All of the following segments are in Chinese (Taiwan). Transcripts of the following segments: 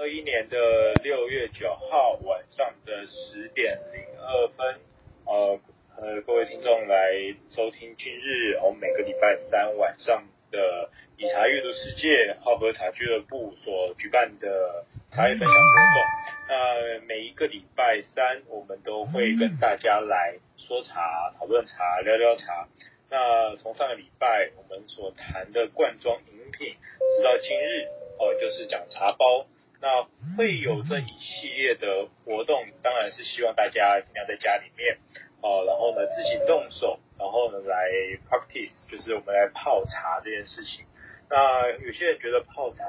二一年的六月九號晚上的十點零二分，呃呃，各位聽眾來收聽今日我們、哦、每個禮拜三晚上的以茶閱讀世界好喝茶俱樂部所舉辦的茶藝分享活動。那、呃、每一個禮拜三，我們都會跟大家來說茶、討論茶、聊聊茶。那從上個禮拜我們所談的罐裝飲品，直到今日哦，就是講茶包。那會有這一系列的活動，當然是希望大家儘量在家裡面啊、哦，然後呢自己動手，然後呢來 practice，就是我們來泡茶這件事情。那有些人覺得泡茶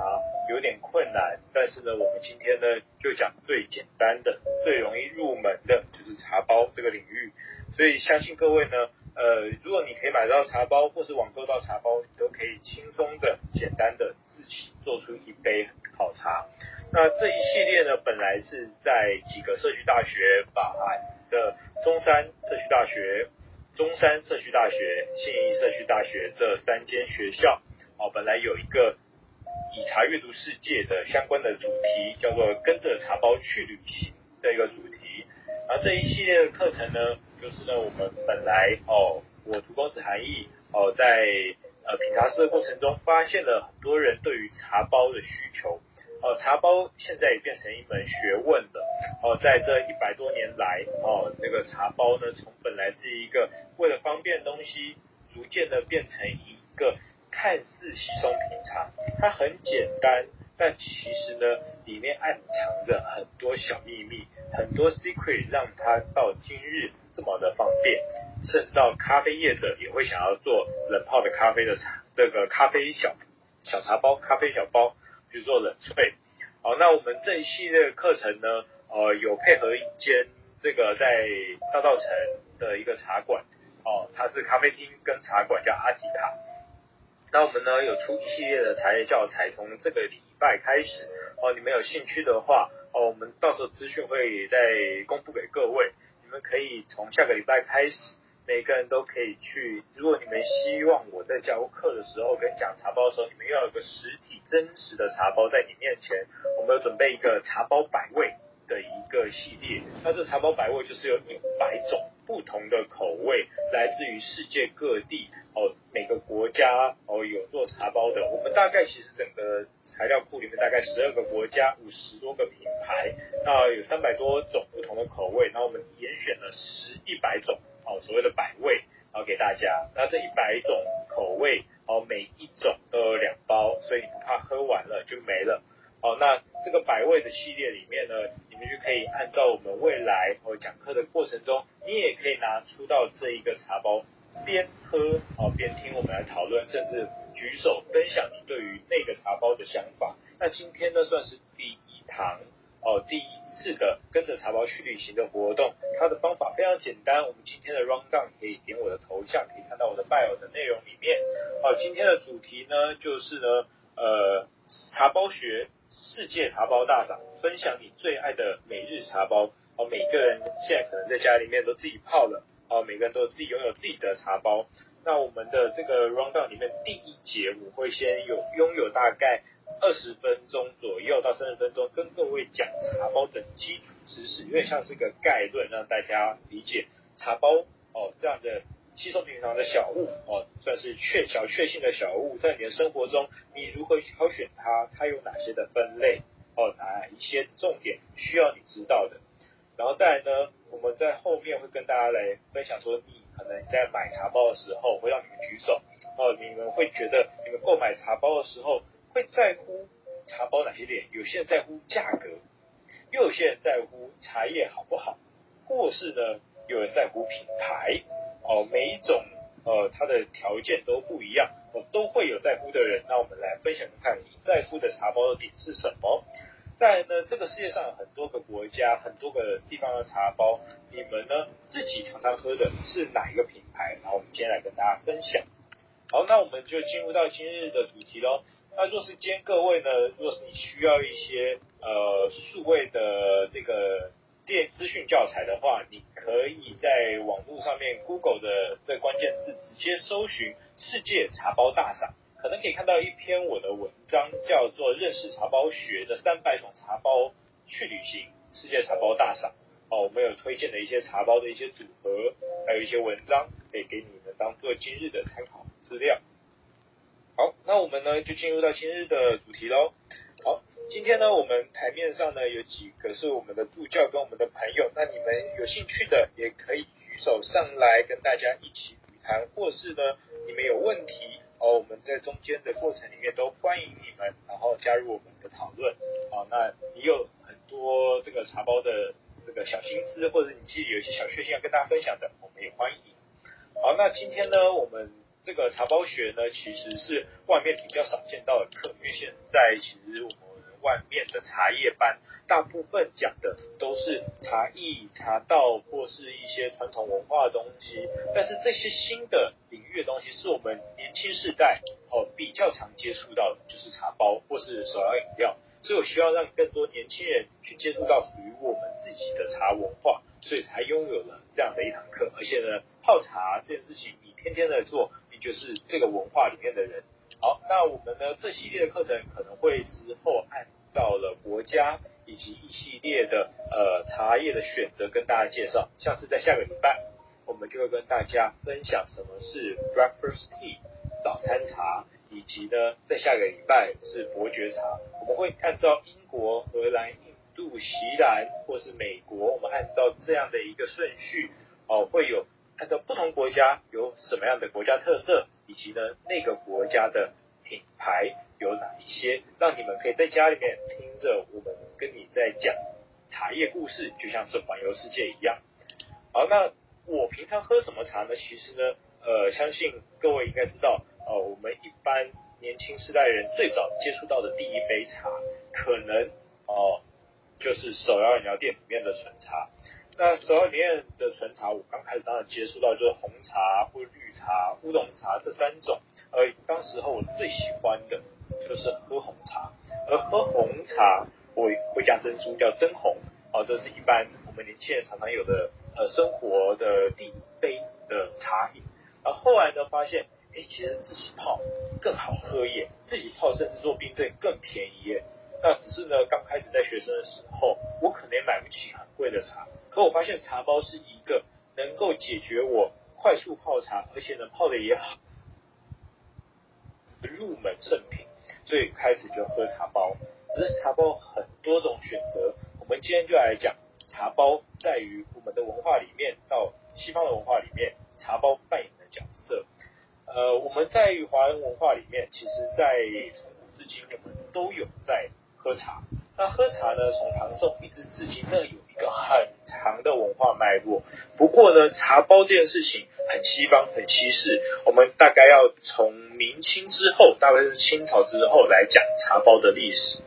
有點困難，但是呢，我們今天呢就講最簡單的、最容易入門的，就是茶包這個領域。所以相信各位呢，呃，如果你可以買到茶包，或是網購到茶包，你都可以輕鬆的、簡單的自己做出一杯好茶。那這一系列呢，本來是在幾個社區大學，海的松山社區大學、中山社區大學、信義社區大學這三間學校哦，本來有一個以茶閱讀世界的相關的主題，叫做“跟着茶包去旅行”的一個主題。然後這一系列的課程呢，就是呢，我們本來哦，我荼公子含義哦，在呃品茶師的過程中，發現了很多人對於茶包的需求。哦，茶包現在也變成一門學問了。哦，在這一百多年來，哦，那個茶包呢，從本來是一個為了方便東西，逐漸的變成一個看似稀鬆平常，它很簡單，但其實呢，裡面暗藏着很多小秘密，很多 secret 讓它到今日這麼的方便，甚至到咖啡業者也會想要做冷泡的咖啡的茶，這個咖啡小小茶包，咖啡小包。去做冷萃，好，哦，那我們這一系列課程呢，呃，有配合一間這個在大稻埕的一個茶館，哦，它是咖啡廳跟茶館，叫阿吉卡。那我們呢，有出一系列的茶葉教材，從這個禮拜開始，哦，你們有興趣的話，哦，我們到時候資訊會再公布給各位，你們可以從下個禮拜開始。每個人都可以去。如果你們希望我在教課的時候跟你講茶包的時候，你們又要有個實體真實的茶包在你面前，我們要準備一個茶包百味的一個系列。那這茶包百味就是有一百種不同的口味，來自於世界各地哦，每個國家哦有做茶包的。我們大概其實整個材料庫裡面大概十二個國家，五十多個品牌，那有三百多種不同的口味。那我們嚴選了十一百種。哦，所謂的百味，哦，給大家，那這一百種口味，哦，每一種都有兩包，所以你不怕喝完了就沒了。哦，那這個百味的系列裡面呢，你們就可以按照我們未來哦講課的過程中，你也可以拿出到這一個茶包，邊喝哦邊聽我們來討論，甚至舉手分享你對於那個茶包的想法。那今天呢算是第一堂哦，第一。是的，跟着茶包去旅行的活動，它的方法非常簡單。我們今天的 rundown 可以點我的頭像，可以看到我的 bio 的內容裡面。好、哦，今天的主題呢就是呢，呃，茶包學世界茶包大賞，分享你最愛的每日茶包。好、哦，每個人現在可能在家裡面都自己泡了，好、哦，每個人都自己擁有自己的茶包。那我們的這個 rundown 裡面第一節，我會先有擁有大概。二十分鐘左右到三十分鐘，跟各位講茶包的基礎知識，因為像是一個概論，讓大家理解茶包哦這樣的稀鬆平常的小物哦，算是確小確幸的小物，在你的生活中，你如何挑選它？它有哪些的分類？哦，哪一些重點需要你知道的。然後再來呢，我們在後面會跟大家來分享說，你可能在買茶包的時候，會讓你們舉手哦，你們會覺得你們購買茶包的時候。會在乎茶包哪些點？有些人在乎價格，又有些人在乎茶葉好不好，或是呢有人在乎品牌哦。每一種呃，它的條件都不一樣哦，都會有在乎的人。那我們來分享看你在乎的茶包的點是什麼？在呢，這個世界上很多個國家、很多個地方的茶包，你們呢自己常常喝的是哪一個品牌？然後我們今天來跟大家分享。好，那我們就進入到今日的主題嘍。那若是今天各位呢，若是你需要一些呃數位的這個電資訊教材的話，你可以在網絡上面 Google 的這關鍵字直接搜尋世界茶包大賞，可能可以看到一篇我的文章叫做認識茶包學的三百種茶包去旅行世界茶包大賞，哦，我們有推薦的一些茶包的一些組合，還有一些文章可以給你們當做今日的參考資料。好，那我們呢就進入到今日的主題嘍。好，今天呢我們台面上呢有幾個是我們的助教跟我們的朋友，那你們有興趣的也可以舉手上來跟大家一起談，或是呢你們有問題，哦，我們在中間的過程裡面都歡迎你們，然後加入我們的討論。好，那你有很多這個茶包的這個小心思，或者你自己有一些小確幸要跟大家分享的，我們也歡迎。好，那今天呢我們。這個茶包學呢，其實是外面比較少見到的課，因為現在其實我們外面的茶葉班大部分講的都是茶藝、茶道或是一些傳統文化的東西，但是這些新的領域的東西是我們年輕世代哦比較常接觸到的，就是茶包或是手搖飲料，所以我需要讓更多年輕人去接觸到屬於我們自己的茶文化，所以才擁有了這樣的一堂課。而且呢，泡茶啊，這件事情，你天天在做。就是這個文化裡面的人。好，那我們呢，這系列的課程可能會之後按照了國家以及一系列的呃茶葉的選擇跟大家介紹。像是在下個禮拜，我們就會跟大家分享什麼是 Breakfast Tea 早餐茶，以及呢在下個禮拜是伯爵茶。我們會按照英國、荷蘭、印度、錫蘭或是美國，我們按照這樣的一個順序，哦、呃、會有。按照不同國家有什麼樣的國家特色，以及呢那個國家的品牌有哪一些，讓你們可以在家裡面聽着我們跟你在講茶葉故事，就像是環遊世界一樣。好，那我平常喝什麼茶呢？其實呢，呃，相信各位應該知道，呃，我們一般年輕世代人最早接觸到的第一杯茶，可能哦，呃，就是手搖飲料店裡面的純茶。那十二年的純茶，我剛開始當然接觸到就是紅茶或綠茶、烏龍茶這三種。呃，當時候我最喜歡的，就是喝紅茶。而喝紅茶，我會加珍珠，叫珍紅。哦、啊，這是一般我們年輕人常常有的，呃，生活的第一杯的茶飲。而後來呢，發現，哎、欸，其實自己泡更好喝耶，自己泡甚至做冰鎮更便宜耶。那只是呢，剛開始在學生的時候，我可能也買不起很貴的茶。可我發現茶包是一個能夠解決我快速泡茶，而且能泡得也好，入門聖品，所以開始就喝茶包。只是茶包很多種選擇，我們今天就來講茶包，在於我們的文化裡面到西方的文化裡面，茶包扮演的角色。呃，我們在於華人文化裡面，其實在從古至今我們都有在喝茶。那喝茶呢，從唐宋一直至今，那有一個很長的文化脈絡。不過呢，茶包這件事情很西方、很西式，我們大概要從明清之後，大概是清朝之後來講茶包的歷史。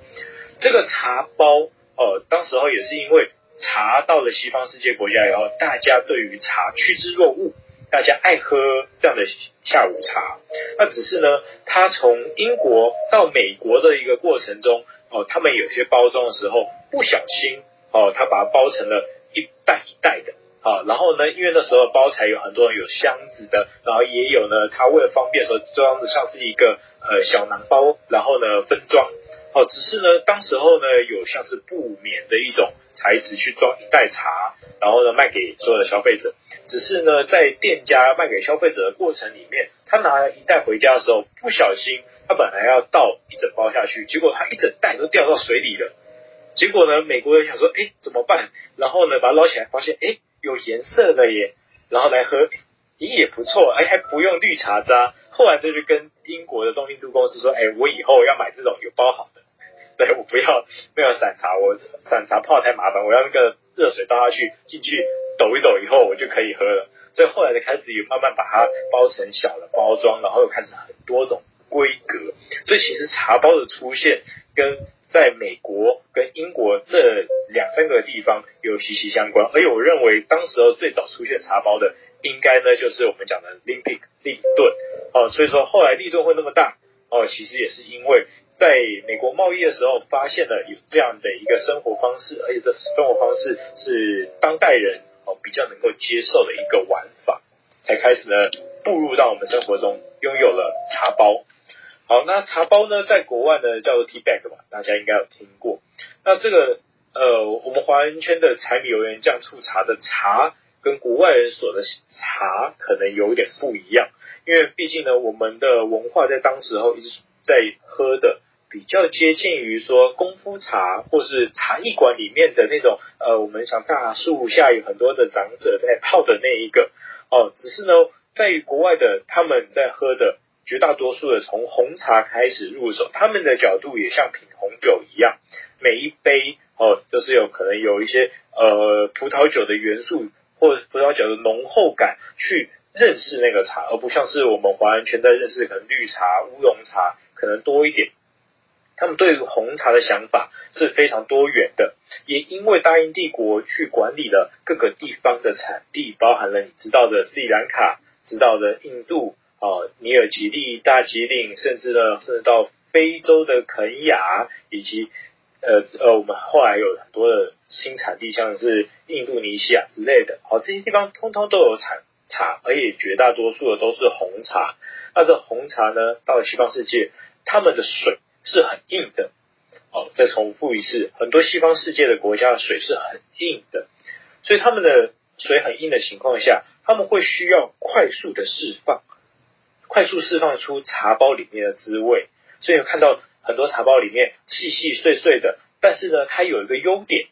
這個茶包，呃，當時候也是因為茶到了西方世界國家以後，大家對於茶趨之若鶩，大家愛喝這樣的下午茶。那只是呢，它從英國到美國的一個過程中。哦，他們有些包裝的時候不小心哦，他把它包成了一袋一袋的啊、哦。然後呢，因為那時候包材有很多人有箱子的，然後也有呢，他為了方便說，裝的時候，裝的像是一個呃小囊包，然後呢分裝。哦，只是呢，當時候呢有像是布棉的一種材質去裝一袋茶，然後呢賣給所有的消費者。只是呢，在店家賣給消費者的過程裡面，他拿了一袋回家的時候不小心。他本來要倒一整包下去，結果他一整袋都掉到水裡了。結果呢，美國人想說，哎，怎麼辦？然後呢，把它撈起來，發現，哎，有顏色的耶。然後來喝，咦，也不錯。哎，還不用綠茶渣。後來他就跟英國的東印度公司說，哎，我以後要買這種有包好的，對，我不要沒有散茶，我散茶泡太麻煩，我要那個熱水倒下去進去抖一抖以後我就可以喝了。所以後來就開始有慢慢把它包成小的包裝，然後又開始很多種。規格，所以其實茶包的出現跟在美國跟英國這兩三個地方有息息相關，而且我認為當時候最早出現茶包的，應該呢就是我們講的 Lipton 立頓哦，所以說後來立頓會那麼大哦，其實也是因為在美國貿易的時候發現了有這樣的一個生活方式，而且這生活方式是當代人哦比較能夠接受的一個玩法，才開始呢步入到我們生活中，擁有了茶包。好，那茶包呢？在國外呢，叫做 tea bag 吧，大家應該有聽過。那這個呃，我們華人圈的柴米油鹽醬醋茶的茶，跟國外人所的茶可能有一點不一樣，因為畢竟呢，我們的文化在當時候一直在喝的，比較接近於說功夫茶或是茶藝館裡面的那種呃，我們想大樹下有很多的長者在泡的那一個哦。只是呢，在於國外的他們在喝的。絕大多數的從紅茶開始入手，他們的角度也像品紅酒一樣，每一杯哦都，就是有可能有一些呃葡萄酒的元素或者葡萄酒的濃厚感去認識那個茶，而不像是我們華人圈在認識可能綠，茶烏龍茶可能多一點。他們對於紅茶的想法是非常多元的，也因為大英帝國去管理了各個地方的產地，包含了你知道的斯里蘭卡，知道的印度。哦，尼爾吉利、大吉嶺，甚至呢，甚至到非洲的肯亞，以及呃呃，我們後來有很多的新產地，像是印度尼西亞之類的。好、哦，這些地方通通都有產茶，茶，而且絕大多數的都是紅茶。那這紅茶呢，到了西方世界，他們的水是很硬的。哦，再重複一次，很多西方世界的國家的水是很硬的，所以他們的水很硬的情況下，他們會需要快速的釋放。快速釋放出茶包裡面的滋味，所以有看到很多茶包裡面細細碎碎的，但是呢，它有一個優點、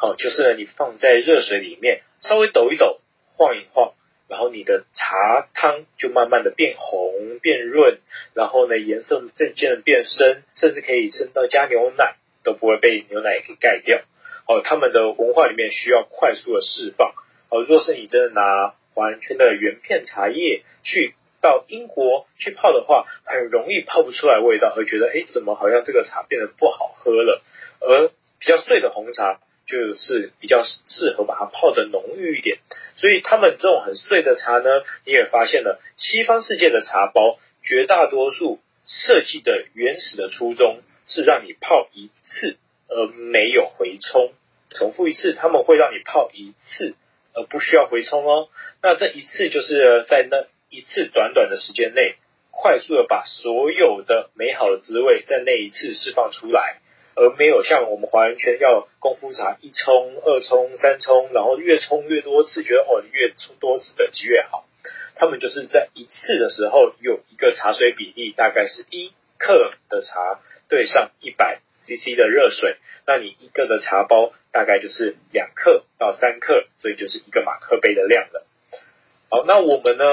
哦，就是你放在熱水裡面稍微抖一抖、晃一晃，然後你的茶湯就慢慢的變紅、變潤，然後呢，顏色漸漸的變深，甚至可以深到加牛奶都不會被牛奶給蓋掉。哦，他們的文化裡面需要快速的釋放。哦，若是你真的拿完全的原片茶葉去。到英國去泡的話，很容易泡不出來的味道，而覺得哎，怎麼好像這個茶變得不好喝了？而比較碎的紅茶就是比較適合把它泡得濃郁一點。所以他們這種很碎的茶呢，你也發現了，西方世界的茶包絕大多數設計的原始的初衷是讓你泡一次而、呃、沒有回沖，重複一次他們會讓你泡一次而、呃、不需要回沖哦。那這一次就是、呃、在那。一次短短的時間內，快速的把所有的美好的滋味在那一次釋放出來，而沒有像我們華人圈要功夫茶一沖、二沖、三沖，然後越沖越多次，覺得哦越沖多次等級越好。他們就是在一次的時候，有一個茶水比例，大概是一克的茶兌上一百 cc 的熱水。那你一個的茶包大概就是兩克到三克，所以就是一個馬克杯的量了。好，那我們呢？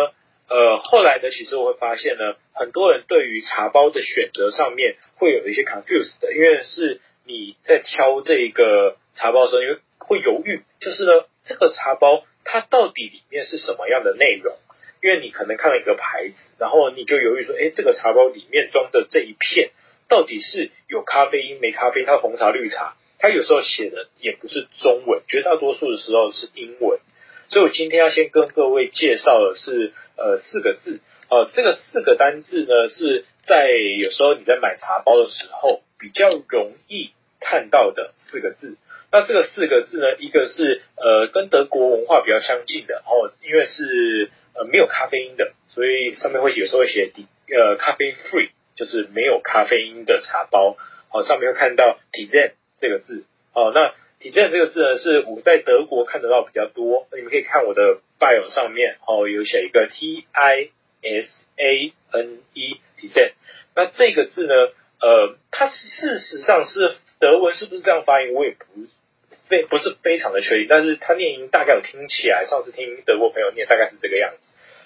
呃，後來呢，其實我會發現呢，很多人對於茶包的選擇上面會有一些 confused 的，因為是你在挑這一個茶包的時候，你會會猶豫，就是呢，這個茶包它到底裡面是什麼樣的內容？因為你可能看了一個牌子，然後你就猶豫說，哎，這個茶包裡面裝的這一片到底是有咖啡因沒咖啡？它紅茶綠茶？它有時候寫的也不是中文，絕大多數的時候是英文。所以，我今天要先跟各位介紹的是，呃，四個字，呃，這個四個單字呢，是在有時候你在買茶包的時候比較容易看到的四個字。那這個四個字呢，一個是呃，跟德國文化比較相近的哦，因為是呃沒有咖啡因的，所以上面會有時候會寫底，呃，咖啡因 free，就是沒有咖啡因的茶包，哦，上面會看到 design 這個字，哦，那。Tisane 這個字呢，是我在德國看得到比較多，你們可以看我的 bio 上面，哦，有寫一個 T I S A N E Tisane。那這個字呢，呃，它事實上是德文，是不是這樣發音？我也不非不是非常的確定，但是它念音大概有聽起來，上次聽德國朋友念，大概是這個樣子。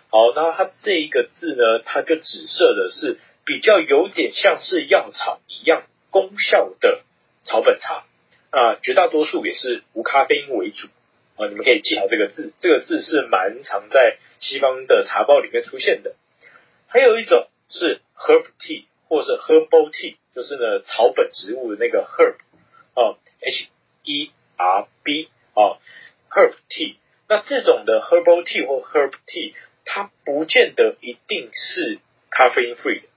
好，那它這一個字呢，它就指涉的是比較有點像是藥草一樣功效的草本茶。啊、呃，絕大多數也是無咖啡因為主啊、哦，你們可以記好這個字，這個字是蠻常在西方的茶包裡面出現的。還有一種是 herb tea，或者是 herbal tea，就是呢草本植物的那個 herb 啊、哦、，h e r b 啊、哦、，herb tea。那這種的 herbal tea 或 herb tea，它不見得一定是咖啡因 free 的。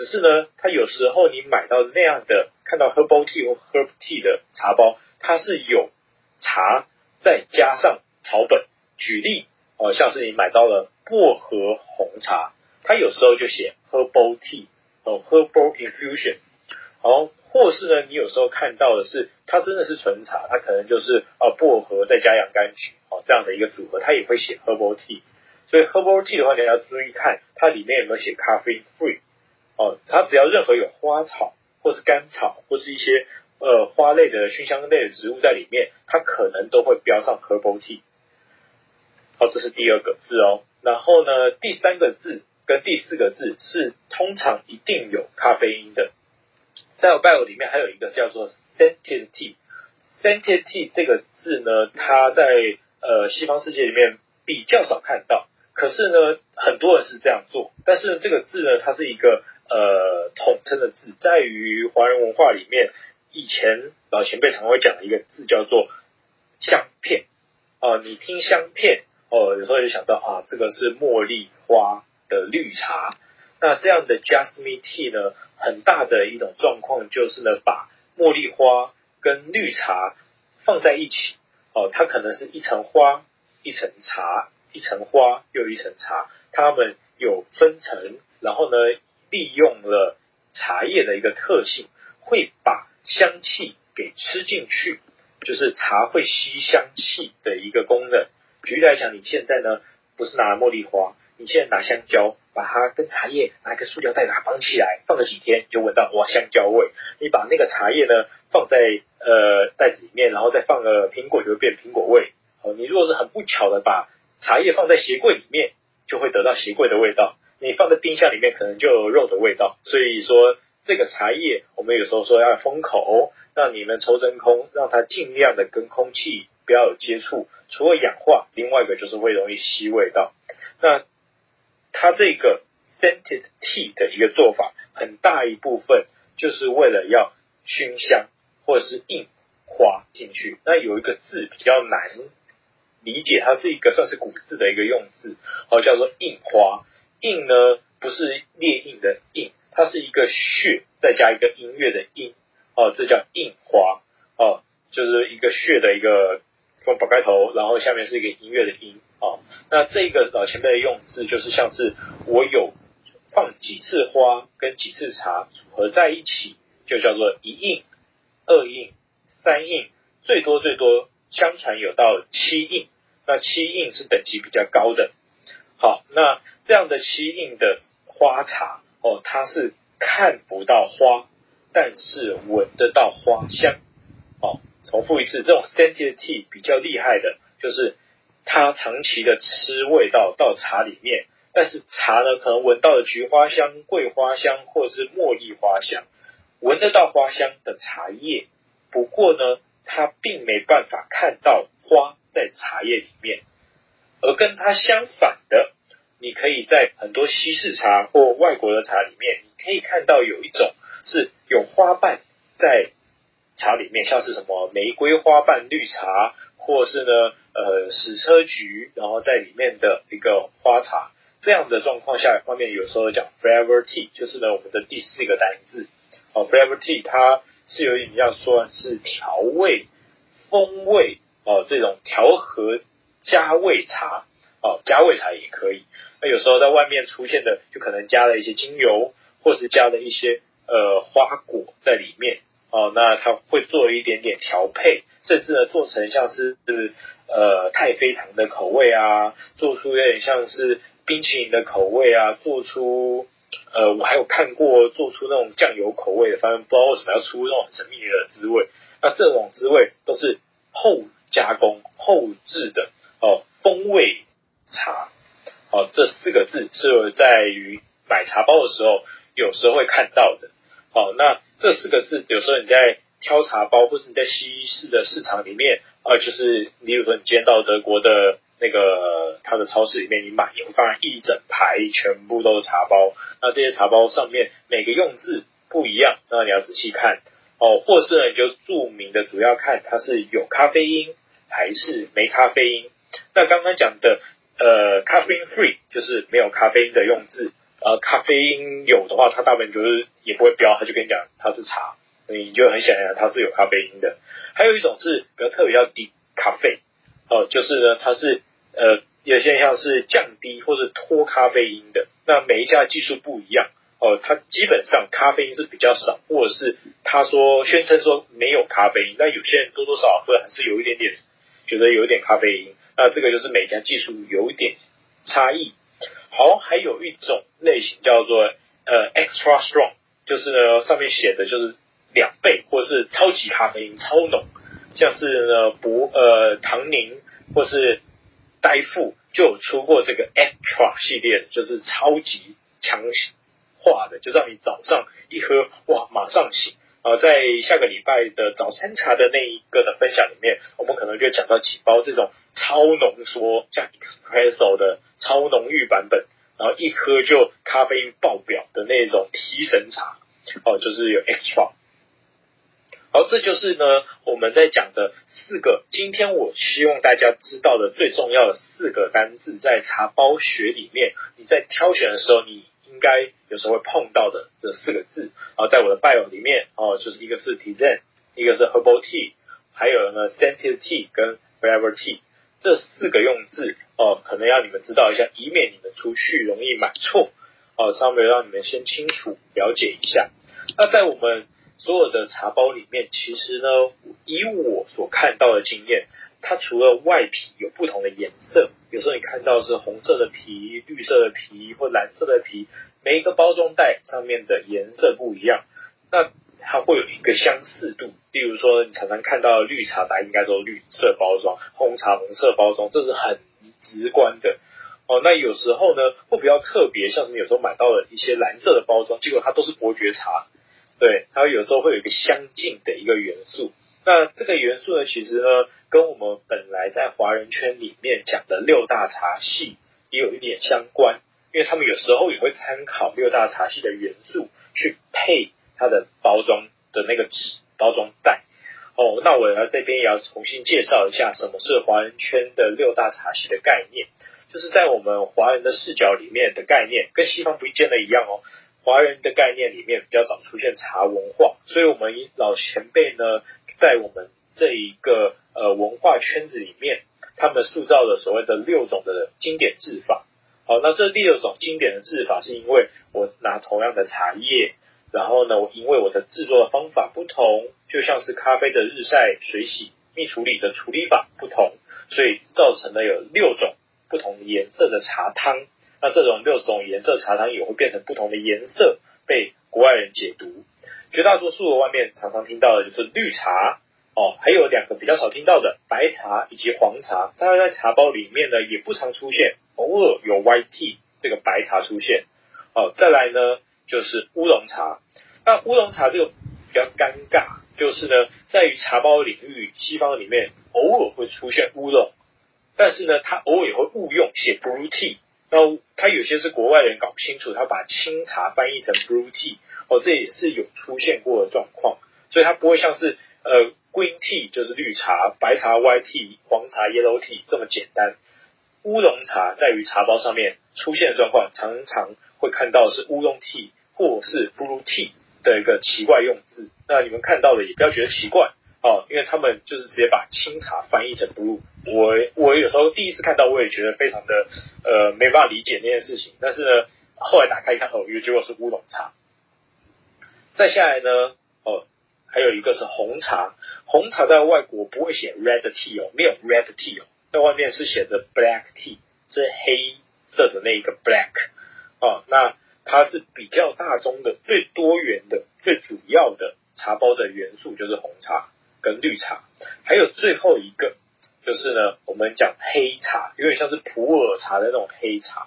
只是呢，它有時候你買到那樣的看到 herbal tea 或 herb tea 的茶包，它是有茶再加上草本。舉例哦，像是你買到了薄荷紅茶，它有時候就寫 herbal tea 哦 herbal infusion。哦，或是呢，你有時候看到的是它真的是純茶，它可能就是呃薄荷再加洋甘菊哦這樣的一個組合，它也會寫 herbal tea。所以 herbal tea 的話，你要注意看它裡面有沒有寫 caffeine free。哦，它只要任何有花草，或是乾草，或是一些呃花類的熏香類的植物在裡面，它可能都會標上 herbal tea。好，這是第二個字哦。然後呢，第三個字跟第四個字是通常一定有咖啡因的。在 herbal 裡面還有一個叫做 scented tea。scented Sentity tea 這個字呢，它在呃西方世界裡面比較少看到，可是呢，很多人是這樣做。但是呢這個字呢，它是一個。呃，統稱的字，在於華人文化裡面，以前老前輩常會講的一個字叫做香片哦，呃，你聽香片哦，呃，有時候就想到啊，這個是茉莉花的綠茶。那這樣的 jasmine tea 呢，很大的一種狀況就是呢，把茉莉花跟綠茶放在一起哦，呃，它可能是一層花，一層茶，一層花又一層茶，它們有分層，然後呢。利用了茶葉的一個特性，會把香氣給吃進去，就是茶會吸香氣的一個功能。舉例來講，你現在呢不是拿茉莉花，你現在拿香蕉，把它跟茶葉拿一個塑膠袋把它綁起來，放個幾天就聞到哇香蕉味。你把那個茶葉呢放在呃袋子裡面，然後再放個蘋果，就會變蘋果味。哦，你如果是很不巧的把茶葉放在鞋櫃裡面，就會得到鞋櫃的味道。你放在冰箱裡面，可能就有肉的味道。所以說，這個茶葉我們有時候說要封口、哦，讓你們抽真空，讓它尽量的跟空氣不要有接觸，除了氧化，另外一個就是會容易吸味道。那它這個 scented tea 的一個做法，很大一部分就是為了要熏香或者是窨花進去。那有一個字比較難理解，它是一個算是古字的一個用字，哦，叫做窨花。印呢，不是列印的印，它是一個穴，再加一個音樂的音，哦，這叫印花，哦，就是一個穴的一個放寶蓋頭，然後下面是一個音樂的音，哦，那這個老前輩的用字就是像是我有放幾次花跟幾次茶組合在一起，就叫做一印、二印、三印，最多最多相傳有到七印，那七印是等級比較高的。好，那這樣的吸引的花茶哦，它是看不到花，但是聞得到花香。哦，重複一次，這種 scented tea 比較厲害的，就是它長期的吃味道到，到茶裡面，但是茶呢，可能聞到了菊花香、桂花香，或者是茉莉花香，聞得到花香的茶葉。不過呢，它並沒辦法看到花在茶葉裡面。而跟它相反的，你可以在很多西式茶或外國的茶裡面，你可以看到有一種是有花瓣在茶裡面，像是什麼玫瑰花瓣綠茶，或是呢，呃，矢車菊，然後在裡面的一個花茶。這樣的狀況下方面，有時候講 flavor tea，就是呢，我們的第四個單字 flavor tea，它是有你要說是調味、風味哦，這種調和。加味茶哦，加味茶也可以。那有時候在外面出現的，就可能加了一些精油，或是加了一些呃花果在裡面哦。那它會做一點點調配，甚至呢做成像是呃太妃糖的口味啊，做出有點像是冰淇淋的口味啊，做出呃我還有看過做出那種醬油口味的，反正不知道為什麼要出那種神秘的滋味。那這種滋味都是後加工、後製的。哦，風味茶，哦，這四個字是在於買茶包的時候，有時候會看到的。哦，那這四個字，有時候你在挑茶包，或者你在西式的市場裡面，啊、哦，就是，比如說你今天到德國的那個、呃、它的超市裡面，你買，你會發現一整排全部都是茶包。那這些茶包上面每個用字不一樣，那你要仔細看。哦，或是呢，你就著名的，主要看它是有咖啡因還是沒咖啡因。那剛剛講的，呃，咖啡因 free 就是沒有咖啡因的用字，呃，咖啡因有的話，它大部分就是也不會標，它就跟你講它是茶，你就很顯然它是有咖啡因的。還有一種是比較特別叫低咖啡，哦、呃，就是呢，它是呃，有些像是降低或者脫咖啡因的。那每一家技術不一樣，哦、呃，它基本上咖啡因是比較少，或者是他說宣稱說沒有咖啡因，那有些人多多少少會還是有一點點覺得有一點咖啡因。那、啊、這個就是每家技術有一點差異。好，還有一種類型叫做呃 extra strong，就是呢上面寫的就是兩倍或是超級咖啡因超濃，像是呢不，呃唐寧或是戴富就有出過這個 extra 系列，就是超級強化的，就讓你早上一喝哇馬上醒。呃，在下個禮拜的早餐茶的那一個的分享裡面，我們可能就講到幾包這種超濃縮，像 expresso 的超濃郁版本，然後一喝就咖啡因爆表的那種提神茶，哦、呃，就是有 extra。好，這就是呢我們在講的四個，今天我希望大家知道的最重要的四個單字，在茶包學裡面，你在挑選的時候你。應該有時候會碰到的這四個字啊，在我的 bio 裡面哦、啊，就是一個是 tisane，一個是 herbal tea，還有呢 scented tea 跟 flavor tea 這四個用字哦、啊，可能要你們知道一下，以免你們出去容易買錯哦。稍、啊、微讓你們先清楚了解一下。那在我們所有的茶包裡面，其實呢，以我所看到的經驗，它除了外皮有不同的顏色，有時候你看到是紅色的皮、綠色的皮或藍色的皮。每一個包裝袋上面的顏色不一樣，那它會有一個相似度。例如說，你常常看到綠茶，它應該都是綠色包裝；紅茶，紅色包裝，這是很直觀的。哦，那有時候呢，會比較特別，像是你有時候買到了一些藍色的包裝，結果它都是伯爵茶。對，它有時候會有一個相近的一個元素。那這個元素呢，其實呢，跟我們本來在華人圈裡面講的六大茶系也有一點相關。因為他們有時候也會參考六大茶系的元素去配它的包裝的那個紙包裝袋。哦，那我來這邊也要重新介紹一下什麼是華人圈的六大茶系的概念，就是在我們華人的視角裡面的概念，跟西方不見得一樣哦。華人的概念裡面比較早出現茶文化，所以我們老前輩呢，在我們這一個呃文化圈子裡面，他們塑造了所謂的六種的經典制法。好、哦，那這第六種經典的制法，是因為我拿同樣的茶葉，然後呢，我因為我的製作的方法不同，就像是咖啡的日曬、水洗、蜜處理的處理法不同，所以造成了有六種不同顏色的茶湯。那這種六種顏色茶湯也會變成不同的顏色，被國外人解讀。絕大多數的外面常常聽到的就是綠茶，哦，還有兩個比較少聽到的白茶以及黃茶，大家在茶包裡面呢也不常出現。偶爾有 White Tea 這個白茶出現，哦，再來呢就是烏龍茶。那烏龍茶這個比較尷尬，就是呢，在於茶包領域，西方裡面偶爾會出現烏龍，但是呢，它偶爾也會誤用寫 Blue Tea。那它有些是國外人搞不清楚，他把青茶翻譯成 Blue Tea。哦，這也是有出現過的狀況，所以它不會像是呃 Green Tea 就是綠茶，白茶 White Tea，黃茶 Yellow Tea 這麼簡單。烏龍茶在於茶包上面出現的狀況，常常會看到是烏龍 tea 或是 blue tea 的一個奇怪用字。那你們看到的也不要覺得奇怪哦，因為他們就是直接把清茶翻譯成 blue。我我有時候第一次看到，我也覺得非常的呃沒辦法理解那件事情。但是呢，後來打開一看哦，結果是烏龍茶。再下來呢，哦，還有一個是紅茶，紅茶在外國不會寫 red tea 哦，沒有 red tea 哦。那外面是寫著 black tea，這黑色的那一個 black，啊、哦，那它是比較大宗的、最多元的、最主要的茶包的元素就是紅茶跟綠茶，還有最後一個就是呢，我們講黑茶，有點像是普洱茶的那種黑茶，啊、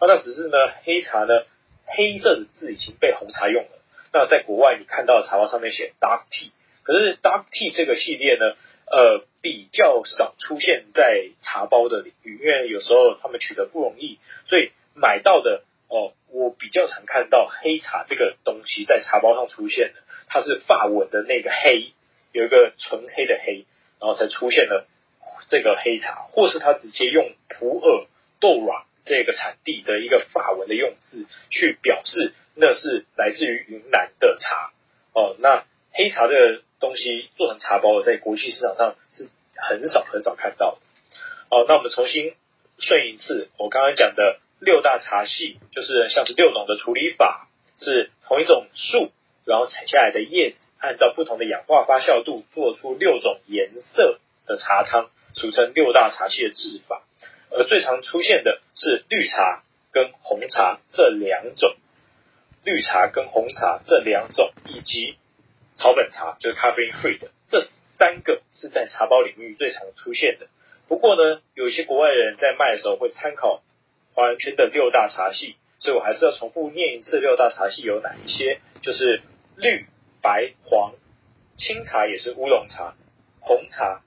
哦，那只是呢，黑茶呢，黑色的字已經被紅茶用了，那在國外你看到的茶包上面寫 dark tea，可是 dark tea 這個系列呢，呃。比較少出現在茶包的領域，因為有時候他們取得不容易，所以買到的哦、呃，我比較常看到黑茶這個東西在茶包上出現的，它是法文的那個黑，有一個純黑的黑，然後才出現了這個黑茶，或是他直接用普洱、豆朗這個產地的一個法文的用字去表示，那是來自於雲南的茶哦、呃，那。黑茶這個東西做成茶包，在國際市場上是很少很少看到的。好、哦、那我們重新順一次，我剛剛講的六大茶系，就是像是六種的處理法，是同一種樹，然後採下來的葉子，按照不同的氧化發酵度，做出六種顏色的茶湯，俗稱六大茶系的製法。而最常出現的是綠茶跟紅茶這兩種，綠茶跟紅茶這兩種，以及草本茶就是咖啡因 free 的，這三個是在茶包領域最常出現的。不過呢，有一些國外人在賣的時候會參考華人圈的六大茶系，所以我還是要重複念一次六大茶系有哪一些，就是綠、白、黃、青茶也是烏龍茶、紅茶、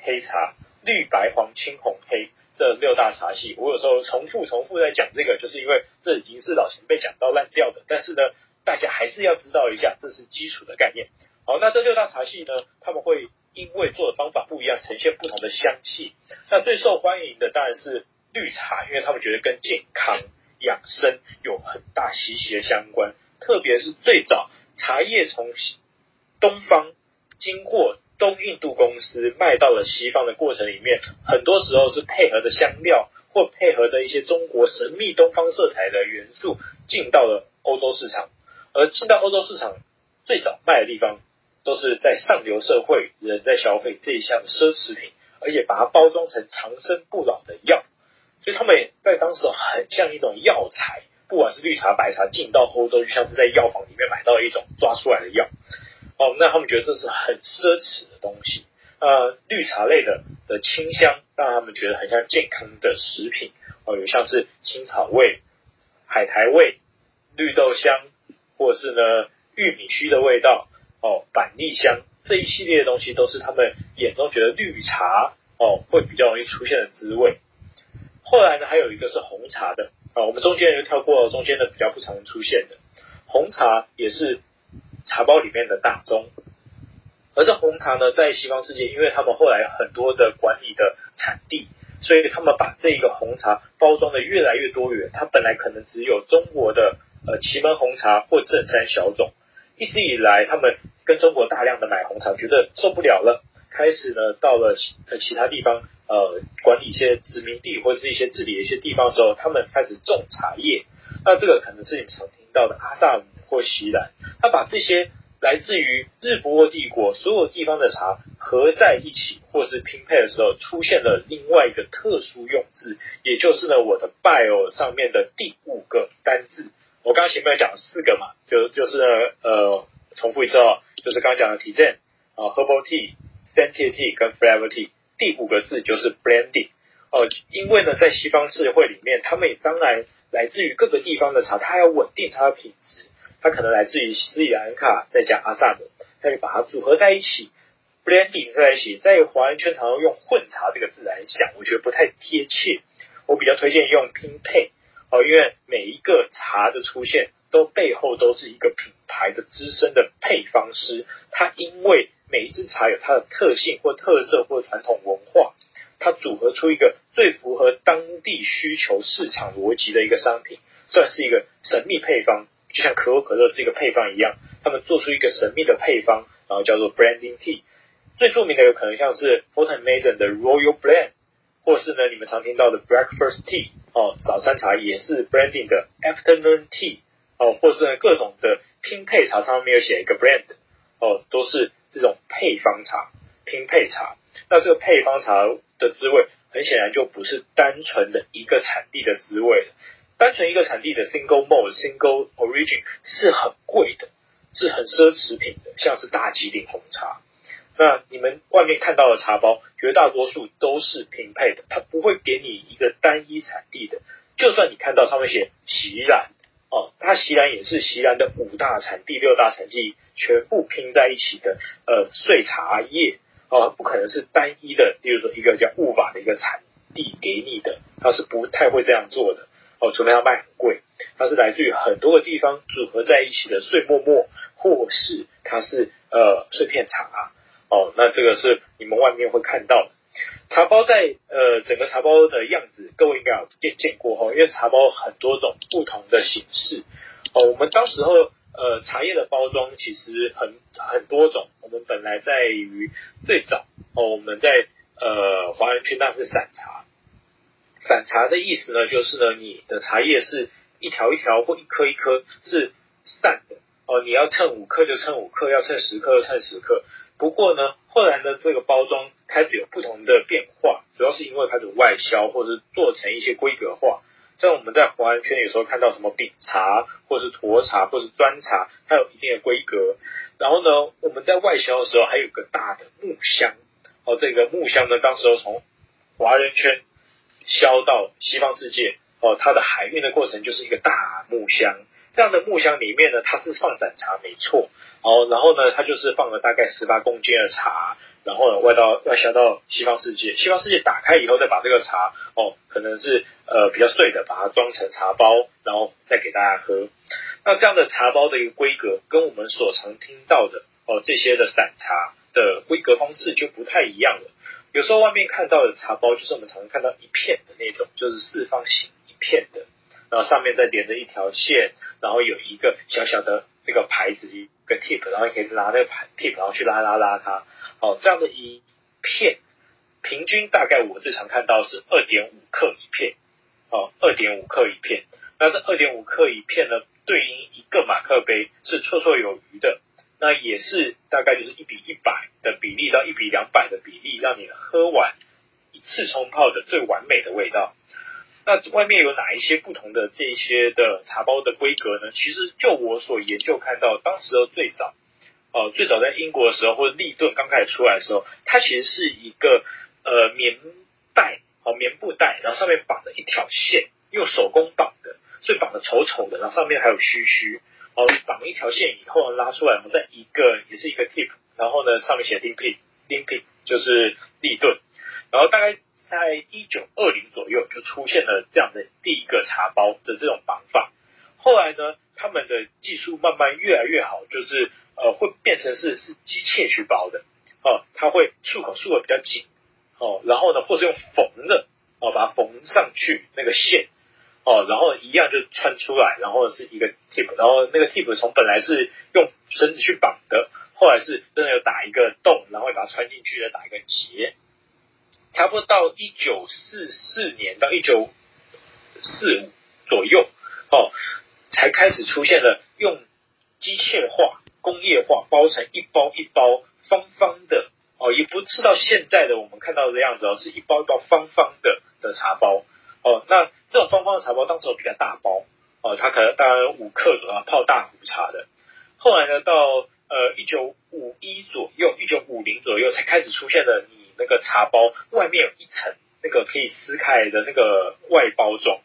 黑茶、綠、白、黃、青、紅、黑這六大茶系。我有時候重複、重複在講這個，就是因為這已經是老前輩講到爛掉的，但是呢。大家還是要知道一下，這是基礎的概念。好，那這六大茶系呢，他們會因為做的方法不一樣，呈現不同的香氣。那最受歡迎的當然是綠茶，因為他們覺得跟健康養生有很大息息的相關。特別是最早茶葉從東方經過東印度公司賣到了西方的過程裡面，很多時候是配合著香料或配合著一些中國神秘東方色彩的元素進到了歐洲市場。而進到歐洲市場，最早賣的地方都是在上流社會人在消費這一項奢侈品，而且把它包裝成長生不老的藥，所以他們在當時很像一種藥材，不管是綠茶、白茶進到歐洲，就像是在藥房裡面買到一種抓出來的藥。哦，那他們覺得這是很奢侈的東西。呃，綠茶類的的清香讓他們覺得很像健康的食品。哦，有像是青草味、海苔味、綠豆香。或者是呢，玉米鬚的味道哦，板栗香這一系列的東西，都是他們眼中覺得綠茶哦，會比較容易出現的滋味。後來呢，還有一個是紅茶的啊，哦，我們中間又跳過中間的比較不常出現的紅茶，也是茶包裡面的大宗。而這紅茶呢，在西方世界，因為他們後來很多的管理的產地，所以他們把這一個紅茶包裝的越來越多元。它本來可能只有中國的。呃，祁門紅茶或正山小種，一直以來他們跟中國大量的買紅茶，覺得受不了了，開始呢到了其呃其他地方呃管理一些殖民地或者是一些治理的一些地方的時候，他們開始種茶葉。那這個可能是你們常聽到的阿薩姆或錫蘭。他把這些來自於日不落帝國所有地方的茶合在一起，或是拼配的時候，出現了另外一個特殊用字，也就是呢我的 bio 上面的第五個單字。我剛，剛前面講了四個嘛，就就是呃，重複一次哦，就是剛剛講的提振，啊、哦、herbal tea、scented tea 跟 flavor tea 第五個字，就是 blending 哦，因為呢，在西方社會裡面，他們當然來自於各個地方的茶，它要穩定它的品質，它可能來自於斯里蘭卡，再加阿薩姆，但是把它組合在一起，blending 在一起，在華人圈常用“混茶”這個字來講，我覺得不太貼切，我比較推薦用拼配。哦，因為每一個茶的出現，都背後都是一個品牌的資深的配方師。他因為每一支茶有它的特性或特色或傳統文化，他組合出一個最符合當地需求市場邏輯的一個商品，算是一個神秘配方，就像可口可樂是一個配方一樣。他們做出一個神秘的配方，然後叫做 branding tea。最著名的有可能像是 Fortnum Mason 的 Royal Blend。或是呢，你們常聽到的 breakfast tea 哦，早餐茶也是 branding 的 afternoon tea 哦，或是呢，各種的拼配茶上面有寫一個 brand 哦，都是這種配方茶、拼配茶。那這個配方茶的滋味，很顯然就不是單純的一個產地的滋味了。單純一個產地的 single m o l t single origin 是很貴的，是很奢侈品的，像是大吉嶺紅茶。那你們外面看到的茶包，絕大多數都是拼配的，它不會給你一個單一產地的。就算你看到上面寫錫蘭，哦，它錫蘭也是錫蘭的五大產地，六大產地全部拼在一起的呃碎茶葉，哦，不可能是單一的，比如說一個叫霧法的一個產地給你的，它是不太會這樣做的。哦，除非它賣很貴，它是來自於很多個地方組合在一起的碎沫沫，或是它是呃碎片茶。哦，那這個是你們外面會看到的茶包在，在呃整個茶包的樣子，各位應該有見見過哈、哦。因為茶包很多種不同的形式哦。我們當時候呃茶葉的包裝其實很很多種。我們本來在於最早哦，我們在呃華人區那是散茶，散茶的意思呢，就是呢你的茶葉是一條一條或一顆一顆是散的哦。你要稱五克就稱五克，要稱十克就稱十克。不過呢，後來呢，這個包裝開始有不同的變化，主要是因為開始外銷或者是做成一些規格化。像我們在華人圈有時候看到什麼餅茶，或者是沱茶，或者是磚茶，它有一定的規格。然後呢，我們在外銷的時候還有個大的木箱，哦，這個木箱呢，當時候從華人圈銷到西方世界，哦，它的海運的過程就是一個大木箱。這樣的木箱裡面呢，它是放散茶沒錯。哦，然後呢，它就是放了大概十八公斤的茶。然後呢，外到外銷到西方世界，西方世界打開以後，再把這個茶哦，可能是呃比較碎的，把它裝成茶包，然後再給大家喝。那這樣的茶包的一個規格，跟我們所常聽到的哦這些的散茶的規格方式就不太一樣了。有時候外面看到的茶包，就是我們常看到一片的那種，就是四方形一片的，然後上面再連着一條線。然後有一個小小的這個牌子，一個 tip，然後你可以拿那個牌 tip，然後去拉拉拉它。哦，這樣的一片，平均大概我日常看到是二點五克一片，哦，二點五克一片。那這二點五克一片呢，對應一個馬克杯是綽綽有餘的。那也是大概就是一比一百的比例到一比兩百的比例，讓你喝完一次沖泡的最完美的味道。那外面有哪一些不同的這些的茶包的規格呢？其實就我所研究看到，當時的最早，呃，最早在英國的時候，或者立頓剛開始出來的時候，它其實是一個呃棉袋，呃，棉布袋，然後上面綁了一條線，用手工綁的，所以綁的醜醜的，然後上面還有須須，好、呃、綁了一條線以後拉出來，我們在一個也是一個 tip，然後呢上面寫 limp，limp 就是立頓，然後大概。在一九二零左右就出現了這樣的第一個茶包的這種綁法，後來呢，他們的技術慢慢越來越好，就是呃會變成是是機械去包的，哦、呃，它會束口束的比較緊，哦、呃，然後呢，或是用縫的，哦、呃，把它縫上去那個線，哦、呃，然後一樣就穿出來，然後是一個 tip，然後那個 tip 從本來是用繩子去綁的，後來是真的有打一個洞，然後會把它穿進去再打一個結。差不多到一九四四年到一九四五左右哦，才開始出現了用機械化工業化包成一包一包方方的哦，也不是到現在的我們看到的樣子哦，是一包一包方方的的茶包哦。那這種方方的茶包當時有比較大包哦，它可能大概五克左右，它泡大壺茶的。後來呢，到呃一九五一左右，一九五零左右才開始出現了。那個茶包外面有一層那個可以撕開的那個外包裝。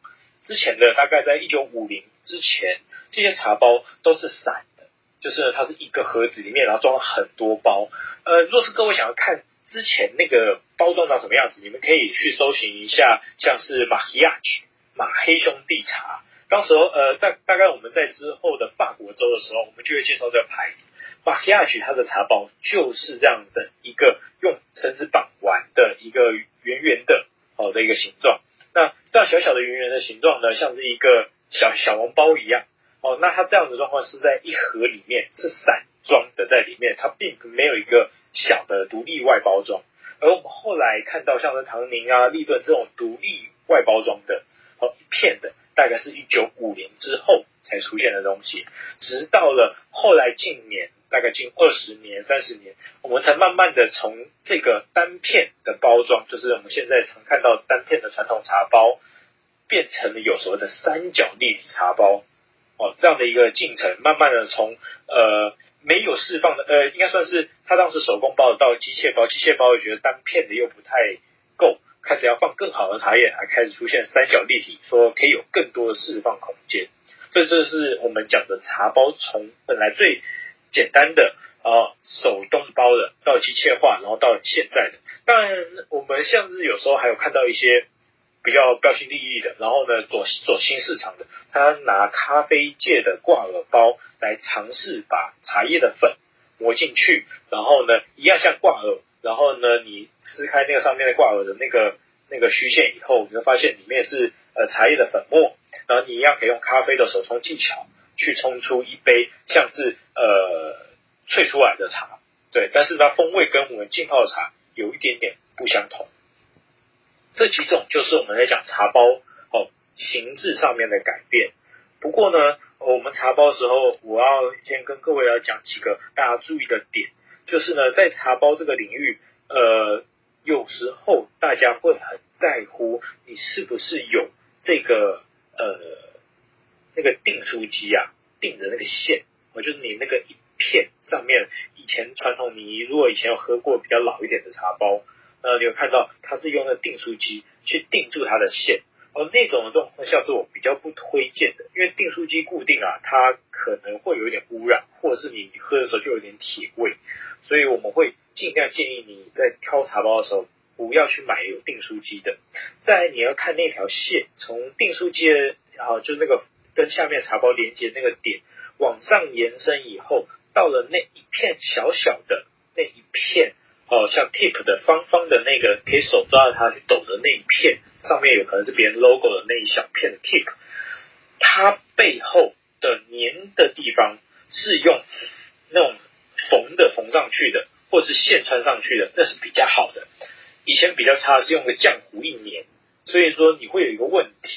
之前的大概在一九五零之前，這些茶包都是散的，就是它是一個盒子裡面，然後裝了很多包。呃，若是各位想要看之前那個包裝長什麼樣子，你們可以去搜尋一下，像是馬黑亞曲、馬黑兄弟茶。到時候呃，在，大概我們在之後的法國週的時候，我們就會介紹這個牌子。哇，黑鴨渠它的茶包就是這樣的一個用繩子綁完的一個圓圓的哦的一個形狀。那這樣小小的圓圓的形狀呢，像是一個小小籠包一樣哦。那它這樣的狀況是在一盒裡面是散裝的，在裡面它並沒有一個小的獨立外包裝。而我們後來看到像是唐寧啊、立頓這種獨立外包裝的哦一片的，大概是一九五零年之後才出現的東西。直到了後來近年。大概近二十年、三十年，我們才慢慢的從這個單片的包裝，就是我們現在常看到單片的傳統茶包，變成了有所謂的三角立體茶包哦。這樣的一個進程，慢慢的從呃沒有釋放的，呃，應該算是他當時手工包到機械包，機械包又覺得單片的又不太夠，開始要放更好的茶葉，還開始出現三角立體，說可以有更多的釋放空間，所以這是我們講的茶包從本來最。簡單的啊，手動包的到機械化，然後到現在的。但我們像是有時候還有看到一些比較標新立異的，然後呢做左，左新市場的，他拿咖啡界的掛耳包來嘗試把茶葉的粉磨進去，然後呢一樣像掛耳，然後呢你撕開那個上面的掛耳的那個那個虛線以後，你會發現裡面是呃茶葉的粉末，然後你一樣可以用咖啡的手沖技巧。去沖出一杯像是呃萃出來的茶，對，但是它風味跟我們浸泡的茶有一點點不相同。這幾種就是我們在講茶包哦形制上面的改變。不過呢，我們茶包的時候，我要先跟各位要講幾個大家注意的點，就是呢，在茶包這個領域，呃，有時候大家會很在乎你是不是有這個呃。那個訂書機啊，訂的那個線就是你那個一片上面，以前傳統你如果以前有喝過比較老一點的茶包，那你有看到它是用那訂書機去訂住它的線，而那種的狀況下是我比較不推薦的，因為訂書機固定啊，它可能會有一點污染，或者是你喝的時候就有點鐵味，所以我們會盡量建議你在挑茶包的時候不要去買有訂書機的，再來你要看那條線，從訂書機的然後就是那個。跟下面茶包連接那個點往上延伸以後，到了那一片小小的那一片哦，像 tip 的方方的那個可以手抓到它去抖的那一片，上面有可能是別人 logo 的那一小片的 tip，它背後的粘的地方是用那種縫的縫上去的，或者是線穿上去的，那是比較好的。以前比較差的是用個漿糊一粘，所以說你會有一個問題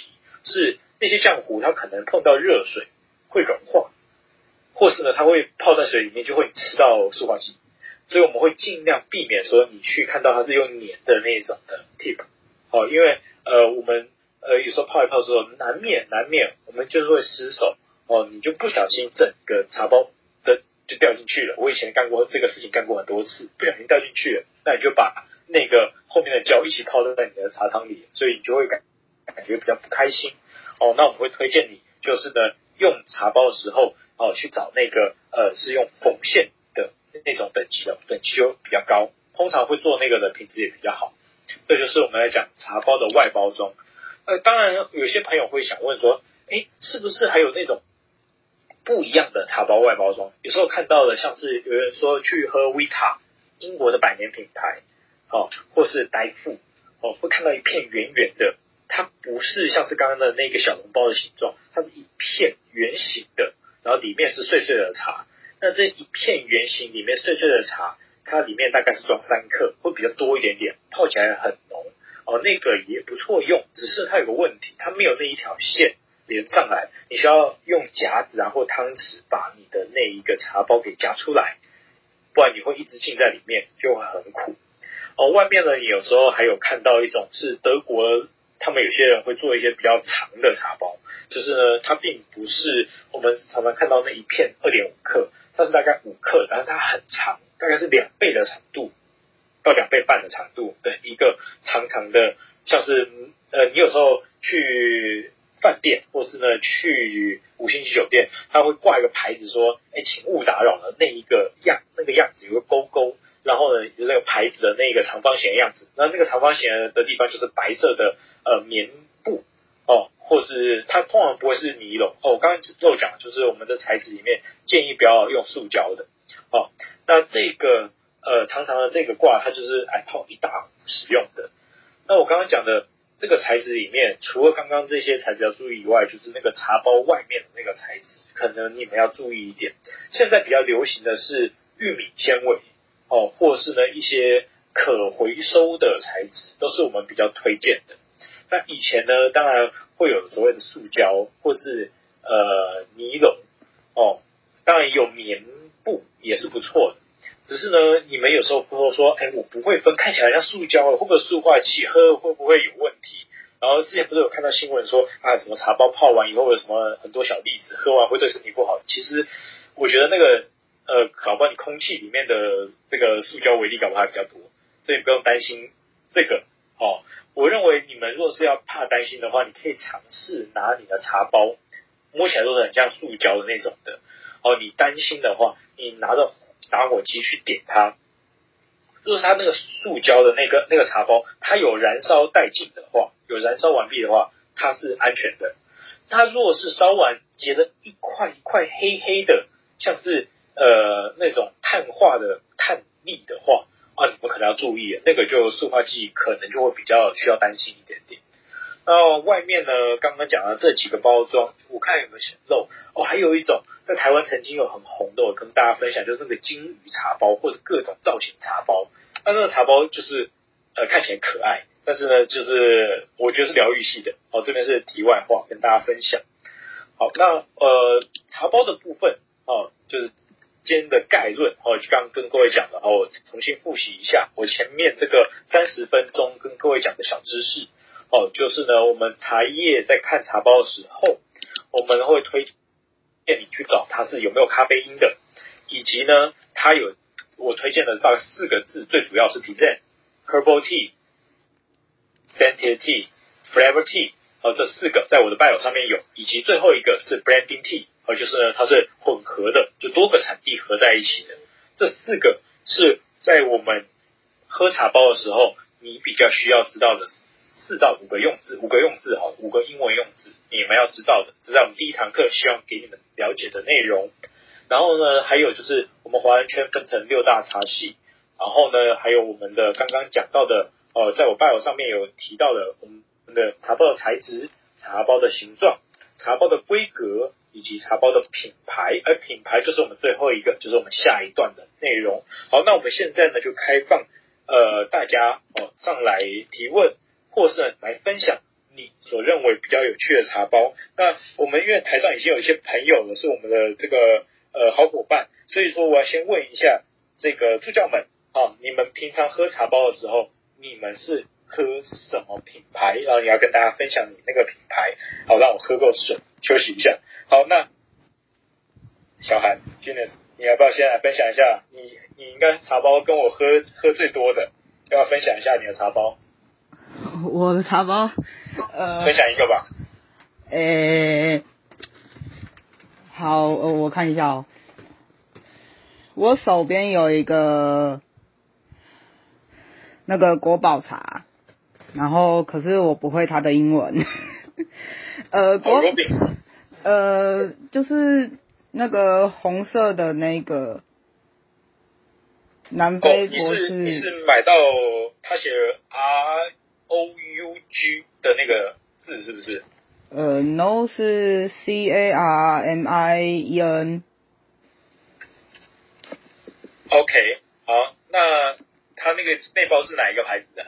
是。那些漿糊，它可能碰到熱水會融化，或是呢，它會泡在水裡面就會吃到塑化劑，所以我們會盡量避免說你去看到它是用粘的那種的 tip，哦，因為呃我們呃有時候泡一泡的時候難免難免，我們就是會失手哦，你就不小心整個茶包的就掉進去了。我以前幹過這個事情，幹過很多次，不小心掉進去了，那你就把那個後面的膠一起泡在你的茶湯裡，所以你就會感感覺比較不開心。哦，那我們會推薦你，就是呢，用茶包的時候，哦，去找那個呃，是用縫線的那種等級的，哦，等級就比較高，通常會做那個的品質也比較好。這就是我們來講茶包的外包裝。呃，當然有些朋友會想問說，誒，是不是還有那種不一樣的茶包外包裝？有時候看到的像是有人說去喝維塔英國的百年品牌，哦，或是黛富，哦，會看到一片圓圓的。它不是像是剛剛的那個小籠包的形狀，它是一片圓形的，然後裡面是碎碎的茶。那這一片圓形裡面碎碎的茶，它裡面大概是裝三克，會比較多一點點，泡起來很濃哦，那個也不錯用。只是它有個問題，它沒有那一條線連上來，你需要用夾子啊，或湯匙把你的那一個茶包給夾出來，不然你會一直浸在裡面，就會很苦。哦，外面呢，你有時候還有看到一種是德國。他們有些人會做一些比較長的茶包，就是呢，它並不是我們常常看到那一片二點五克，它是大概五克，但是它很長，大概是兩倍的長度，到兩倍半的長度對，一個長長的，像是呃，你有時候去飯店或是呢去五星級酒店，他會掛一個牌子說，哎，請勿打擾了，那一個樣那個樣子有個勾勾。然後呢，有那個牌子的那個長方形的樣子，那那個長方形的地方就是白色的呃棉布哦，或是它通常不會是尼龍哦。我剛剛又講，就是我們的材質裡面建議不要用塑膠的哦。那這個呃長長的這個掛，它就是來泡一大壺使用的。那我剛剛講的這個材質裡面，除了剛剛這些材質要注意以外，就是那個茶包外面的那個材質，可能你們要注意一點。現在比較流行的是玉米纖維。哦，或者是呢一些可回收的材質都是我們比較推薦的。那以前呢，當然會有所謂的塑膠或是呃尼龍，Nilo, 哦，當然有棉布也是不錯的。只是呢，你們有時候會說，說，哎、欸，我不會分，看起來像塑膠了，會不會塑化劑喝會不會有問題？然後之前不是有看到新聞說啊，什麼茶包泡完以後有什麼很多小粒子，喝完會對身體不好。其實我覺得那個。呃，搞不好你空氣裡面的這個塑膠微粒搞不好還比較多，所以不用擔心這個。哦，我認為你們若是要怕擔心的話，你可以嘗試拿你的茶包，摸起來都是很像塑膠的那種的。哦，你擔心的話，你拿着打火機去點它，如果它那個塑膠的那個那個茶包，它有燃燒殆盡的話，有燃燒完畢的話，它是安全的。它如果是燒完結了一塊一塊黑黑的，像是。呃，那種碳化的碳粒的話，啊，你們可能要注意，那個就塑化劑可能就會比較需要擔心一點點。那、呃、外面呢，剛剛講了這幾個包裝，我看有沒有顯露哦，還有一種在台灣曾經有很紅的，我跟大家分享，就是那個金魚茶包或者各種造型茶包。那、啊、那個茶包就是，呃，看起來可愛，但是呢，就是我覺得是療癒系的哦、呃。這邊是題外話，跟大家分享。好，那呃，茶包的部分啊、呃，就是。間的概論哦，就剛跟各位講的哦，我重新複習一下我前面這個三十分鐘跟各位講的小知識哦，就是呢，我們茶葉在看茶包的時候，我們會推薦你去找它是有沒有咖啡因的，以及呢，它有我推薦的大概四個字，最主要是 present，herbal tea，scented tea，flavor tea，好，哦，這四個在我的 bio 上面有，以及最後一個是 branding tea。呃，就是呢，它是混合的，就多個產地合在一起的。這四個是在我們喝茶包的時候，你比較需要知道的四，四到五個用字，五個用字好，五個英文用字，你們要知道的，這是我們第一堂課希望給你們了解的內容。然後呢，還有就是我們華人圈分成六大茶系，然後呢，還有我們的剛剛講到的，呃，在我 bio 上面有提到的，我們的茶包的材質、茶包的形狀、茶包的規格。以及茶包的品牌，而品牌就是我們最後一個，就是我們下一段的內容。好，那我們現在呢就開放呃大家哦上來提問，或是來分享你所認為比較有趣的茶包。那我們因為台上已經有一些朋友了，是我們的這個呃好夥伴，所以說我要先問一下這個助教們啊、哦，你們平常喝茶包的時候，你們是？喝什麼品牌？然後你要跟大家分享你那個品牌。好，讓我喝過水，休息一下。好，那小韓今天 Genius 你要不要先來分享一下？你你應該茶包跟我喝喝最多的，要不要分享一下你的茶包？我的茶包，呃，分享一個吧。誒、欸，好，我看一下哦。我手邊有一個那個國寶茶。然後可是我不會他的英文，呵呵呃，國、oh,，呃，就是那個紅色的那個南非國、oh, 你是，你是買到他寫 r o u g 的那個字是不是？呃，no 是 c a r m i e n，O K，好，那他那個背包是哪一個牌子的？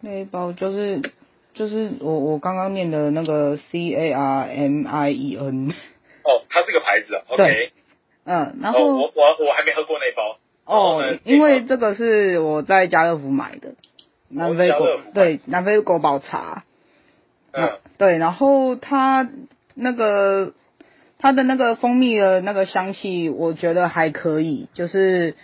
那一包就是就是我我剛剛念的那個 C A R M I E N。哦，它這個牌子啊，OK 嗯，然後、oh, 我我我還沒喝過那一包。哦、oh，因為這個是我在家樂福買的。Oh, 南非國對南非國寶茶嗯。嗯。對，然後它那個它的那個蜂蜜的那個香氣，我覺得還可以，就是。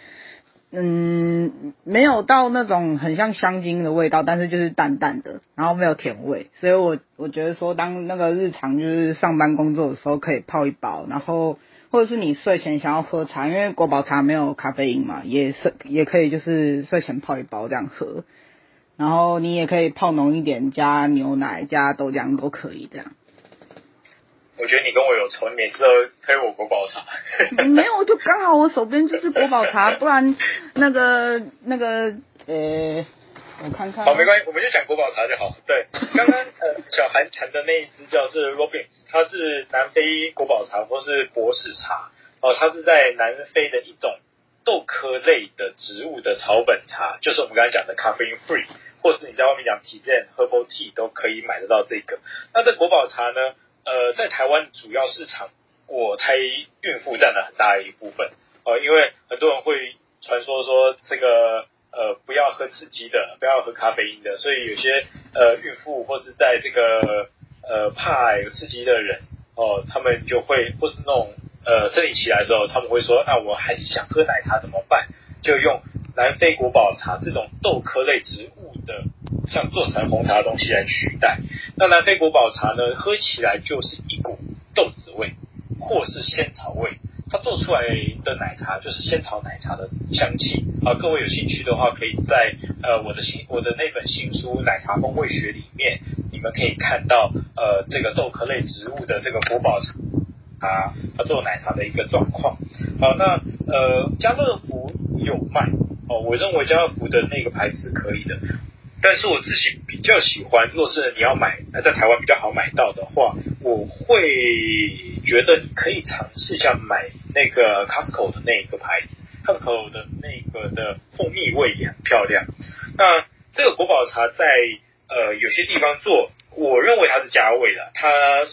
嗯，沒有到那種很像香精的味道，但是就是淡淡的，然後沒有甜味，所以我我覺得說，當那個日常就是上班工作的時候，可以泡一包，然後或者是你睡前想要喝茶，因為國寶茶沒有咖啡因嘛，也是也可以就是睡前泡一包這樣喝，然後你也可以泡濃一點，加牛奶、加豆漿都可以這樣。我覺得你跟我有仇，你每次都推我國寶茶。 沒有，就剛好我手邊就是國寶茶，不然那個那個呃、嗯，我看看。好，沒關係，我們就講國寶茶就好。對，剛剛呃小韓講的那一支叫是 Robin，它是南非國寶茶或是博士茶哦，它是在南非的一種豆科類的植物的草本茶，就是我們剛才講的咖啡因 free，或是你在外面講體驗 herbal tea 都可以買得到這個。那這國寶茶呢？呃，在台灣主要市場，我猜孕婦占了很大一部分，呃，因為很多人會傳說說這個呃不要喝刺激的，不要喝咖啡因的，所以有些呃孕婦或是在這個呃怕有刺激的人哦、呃，他們就會或是那種呃生理期來的時候，他們會說那、啊、我還想喝奶茶怎麼辦？就用南非國寶茶這種豆科類植物的。像做成紅茶的東西來取代。那南非國寶茶呢？喝起來就是一股豆子味，或是仙草味。它做出來的奶茶就是仙草奶茶的香氣。啊，各位有興趣的話，可以在呃我的新我的那本新書《奶茶風味學》裡面，你們可以看到呃這個豆科類植物的這個國寶茶啊，它做奶茶的一個狀況。好，啊，那呃家樂福有賣哦，我認為家樂福的那個牌子是可以的。但是我自己比較喜歡，若是你要買在台灣比較好買到的話，我會覺得你可以嘗試一下買那個 Costco 的那一個牌子，子 Costco 的那個的蜂蜜味也很漂亮。那這個國寶茶在呃有些地方做，我認為它是加味的，它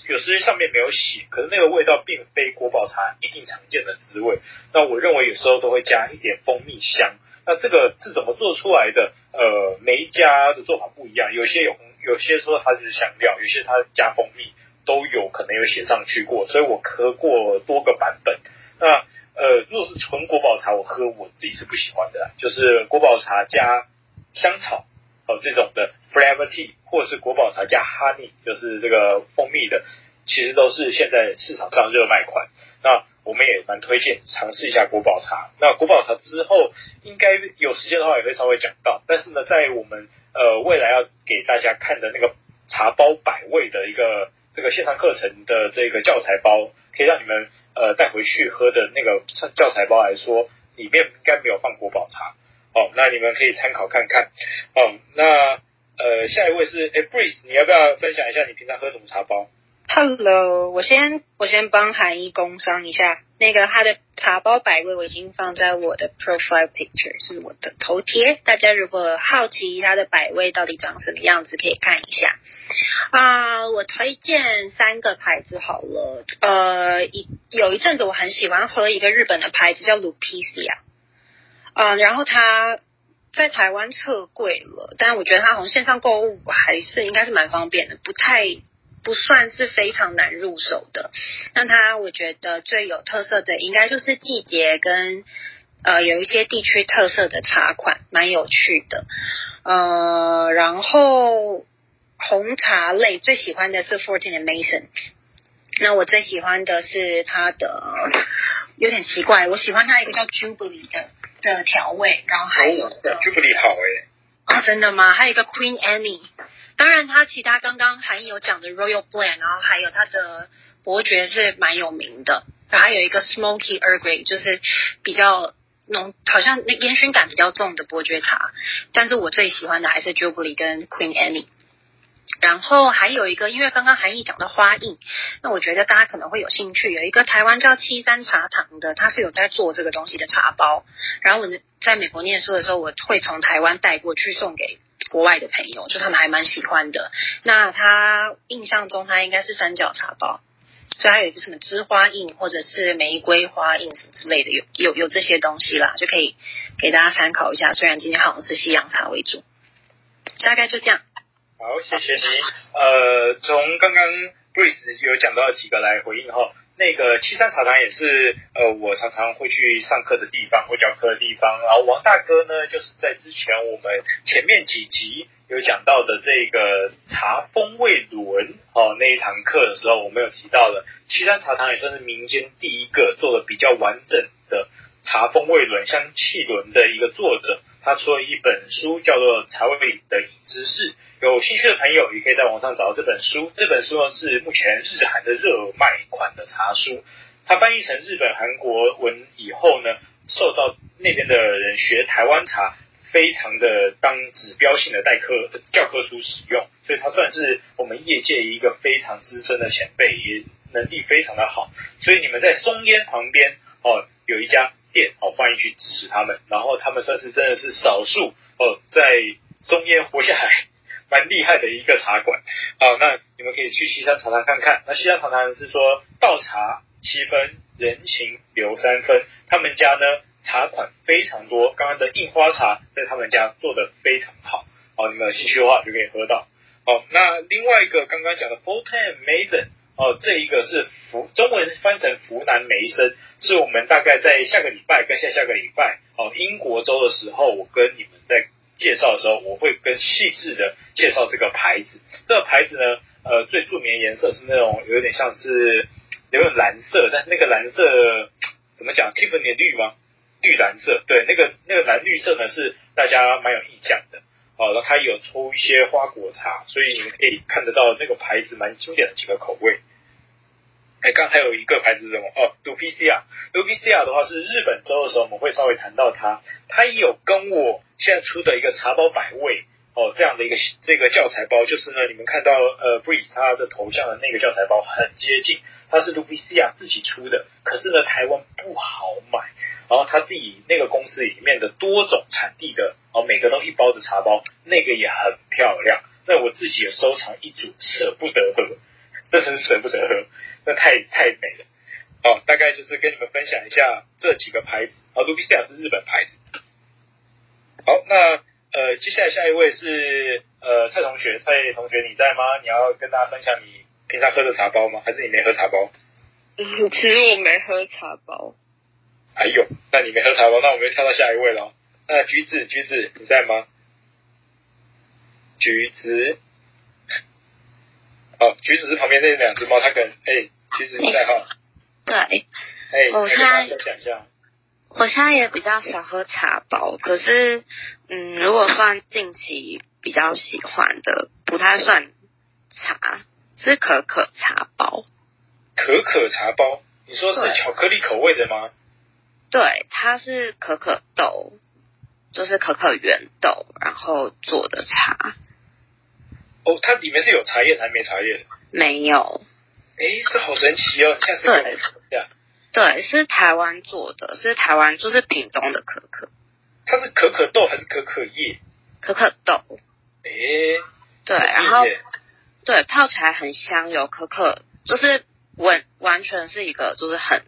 有時上面沒有寫，可是那個味道並非國寶茶一定常見的滋味。那我認為有時候都會加一點蜂蜜香。那這個是怎麼做出來的？呃，每一家的做法不一樣，有些有，有些說它是香料，有些它加蜂蜜，都有可能有寫上去過。所以我喝過多個版本。那呃，若是純國寶茶，我喝我自己是不喜歡的。就是國寶茶加香草哦，呃，這種的 flavor tea，嗯，或是國寶茶加 honey，就是這個蜂蜜的，其實都是現在市場上熱賣款。那我們也蠻推薦嘗試一下國寶茶。那國寶茶之後，應該有時間的話也會稍微講到。但是呢，在我們呃未來要給大家看的那個茶包百味的一個這個線上課程的這個教材包，可以讓你們呃帶回去喝的那個教材包來說，裡面應該沒有放國寶茶。哦，那你們可以參考看看。哦，那呃下一位是哎，Bruce，你要不要分享一下你平常喝什麼茶包？Hello，我先我先幫漢一工商一下，那個他的茶包百味我已經放在我的 profile picture，是我的頭貼。大家如果好奇他的百味到底長什麼樣子，可以看一下。啊、uh,，我推薦三個牌子好了。呃、uh,，一有一陣子我很喜歡喝一個日本的牌子叫 Lupicia 嗯，uh, 然後他在台灣撤櫃了，但我覺得他好像線上購物還是應該是蠻方便的，不太。不算是非常難入手的。那它，我覺得最有特色的應該就是季節跟呃有一些地區特色的茶款，蠻有趣的。呃，然後紅茶類最喜歡的是 Fortnum & Mason，那我最喜歡的是它的，有點奇怪，我喜歡它一個叫 Jubilee 的的調味，然後還有、oh, yeah, Jubilee 好。哎、哦，真的嗎？還有一個 Queen Annie。當然，他其他剛剛韓義有講的 Royal Blend，然後還有他的伯爵是蠻有名的，然後還有一個 Smoky Earl Grey，就是比較濃，好像那煙燻感比較重的伯爵茶。但是我最喜歡的還是 Jubilee 跟 Queen Anne。然後還有一個，因為剛剛韓義講到花印，那我覺得大家可能會有興趣，有一個台灣叫七三茶堂的，他是有在做這個東西的茶包。然後我在美國念書的時候，我會從台灣帶過去送給。國外的朋友，就他們還蠻喜歡的。那他印象中，他應該是三角茶包，所以他有一個什麼枝花印，或者是玫瑰花印什麼之類的，有有有這些東西啦，就可以給大家參考一下。雖然今天好像是西洋茶為主，大概就這樣。好，謝謝你。呃，從剛剛 Bruce 有講到幾個來回應後。那個七三茶堂也是呃，我常常會去上課的地方，會講課的地方。然後王大哥呢，就是在之前我們前面幾集有講到的這個茶風味輪哦、呃、那一堂課的時候，我們有提到了七三茶堂也算是民間第一個做的比較完整的茶風味輪，香氣輪的一個作者。他出了一本書，叫做《茶味的隱知識》，有興趣的朋友也可以在網上找到這本書。這本書呢，是目前日韓的熱賣款的茶書，它翻譯成日本、韓國文以後呢，受到那邊的人學台灣茶非常的當指標性的代課教科書使用，所以它算是我們業界一個非常資深的前輩，也能力非常的好。所以你們在松煙旁邊哦，有一家。店哦，歡迎去支持他們，然後他們算是真的是少數哦，在中間活下來，蠻厲害的一個茶館。好、哦，那你們可以去西山茶茶、茶看看。那西山茶茶、茶是說，倒茶七分，人情留三分。他們家呢，茶款非常多，剛剛的印花茶在他們家做得非常好。好、哦，你們有興趣的話就可以喝到。好、哦，那另外一個剛剛講的 Fortnum & Mason。哦，這一個是福，中文翻成福南梅森，是我們大概在下個禮拜跟下下個禮拜，哦，英國週的時候，我跟你們在介紹的時候，我會更細緻的介紹這個牌子。這個牌子呢，呃，最著名的顏色是那種有點像是有點藍色，但那個藍色怎麼講？蒂芙尼綠嗎？綠藍色，對，那個那個藍綠色呢，是大家蠻有印象的。哦，然後它有出一些花果茶，所以你們可以看得到那個牌子蠻經典的幾個口味。哎，剛才有一個牌子是什麼？哦，盧比西亞，盧比西亞的話是日本週的時候，我們會稍微談到它。它也有跟我現在出的一個茶包百味哦這樣的一個這個教材包，就是呢，你們看到呃 Breeze 他，的頭像的那個教材包很接近，它是盧比西亞自己出的，可是呢台灣不好買。然後他自己那個公司裡面的多種產地的哦，每個都一包的茶包，那個也很漂亮。那我自己也收藏一組，捨不得喝。那真是捨不得喝，那太太美了。好，大概就是跟你們分享一下這幾個牌子。好，盧比西亞是日本牌子。好，那呃，接下來下一位是呃蔡同學，蔡同學你在嗎？你要跟大家分享你平常喝的茶包嗎？還是你沒喝茶包？嗯，其實我沒喝茶包。哎呦，那你沒喝茶包，那我們就跳到下一位了。那橘子，橘子你在嗎？橘子。哦，橘子是旁邊那兩只貓，它跟、欸、橘子代號，對，哎、欸，我現在，我現在也比較少喝茶包，可是嗯，如果算近期比較喜歡的，不太算茶，是可可茶包。可可茶包，你說是巧克力口味的嗎？對，它是可可豆，就是可可原豆，然後做的茶。哦，它裡面是有茶葉還是沒茶葉？沒有。哎、欸，這好神奇哦！像是在過麼對，是台灣做的，是台灣就是屏東的可可。它是可可豆還是可可葉？可可豆。哎、欸。對，然後對，泡起來很香，有可可，就是聞完全是一個就是很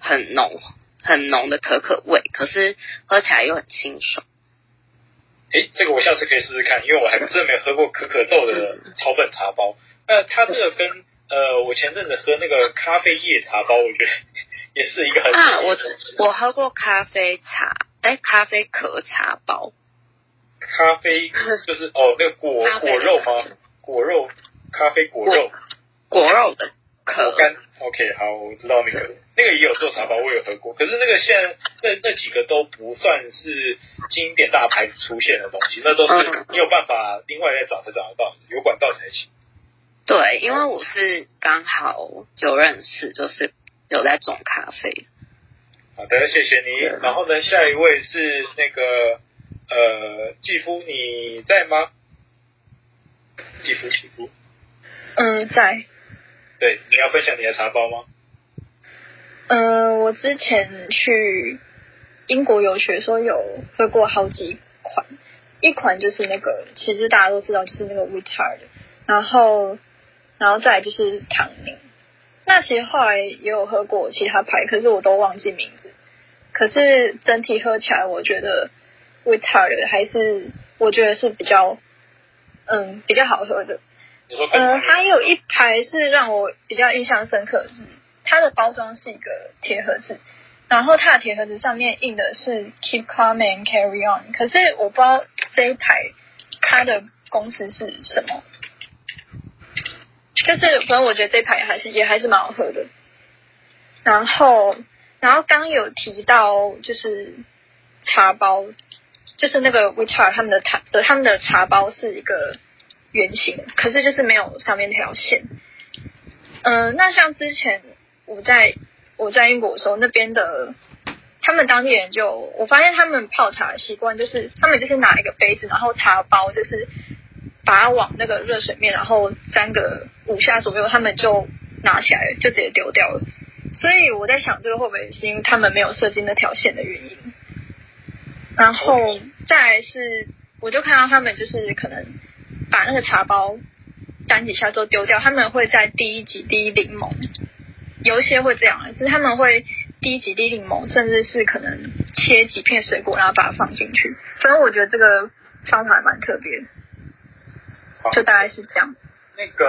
很濃很濃的可可味，可是喝起來又很清爽。哎，這個我下次可以試試看，因為我還真的沒有喝過可可豆的草本茶包。那它這個跟呃，我前陣子喝那個咖啡葉茶包，我覺得也是一個很好的。啊，我我喝過咖啡茶，哎，咖啡殼茶包。咖啡就是哦，那個果果肉嗎？果肉咖啡果肉果，果肉的。可我剛 OK 好，我知道那個，那個也有做茶包，我有喝過。可是那個現在那那幾個都不算是經典大牌子出現的東西，那都是你有辦法另外再找才找得到，有管道才行。對，因為我是剛好有認識，就是有在種咖啡。好的，謝謝你。然後呢，下一位是那個呃，繼夫，你在嗎？繼夫，繼夫。嗯，在。對，你要分享你的茶包嗎？嗯、呃，我之前去英國遊學，說有喝過好幾款，一款就是那個，其實大家都知道，就是那個 Whittard，然後，然後再來就是唐寧，那其實後來也有喝過其他牌，可是我都忘記名字。可是整體喝起來，我覺得 Whittard 還是我覺得是比較，嗯，比較好喝的。你說呃，還有一排是讓我比較印象深刻的是，是它的包裝是一個鐵盒子，然後它的鐵盒子上面印的是 Keep Calm and Carry On，可是我不知道這一排它的公司是什麼。就是，反正我覺得這一排還是也還是蠻好喝的。然後，然後剛有提到就是茶包，就是那個 Whittard 他們的茶，他們的茶包是一個。圓形，可是就是沒有上面條線。嗯、呃，那像之前我在我在英國的時候，那邊的他們當地人就我發現他們泡茶的習慣就是，他們就是拿一個杯子，然後茶包就是把它往那個熱水面，然後沾個五下左右，他們就拿起來就直接丟掉了。所以我在想，這個會不會是因為他們沒有設計那條線的原因？然後再來是，我就看到他們就是可能。把那個茶包粘幾下之後丟掉，他們會再滴幾滴檸檬，有一些會這樣，就是他們會滴幾滴檸檬，甚至是可能切幾片水果然後把它放進去，反正我覺得這個方法還蠻特別，啊、就大概是這樣。那個，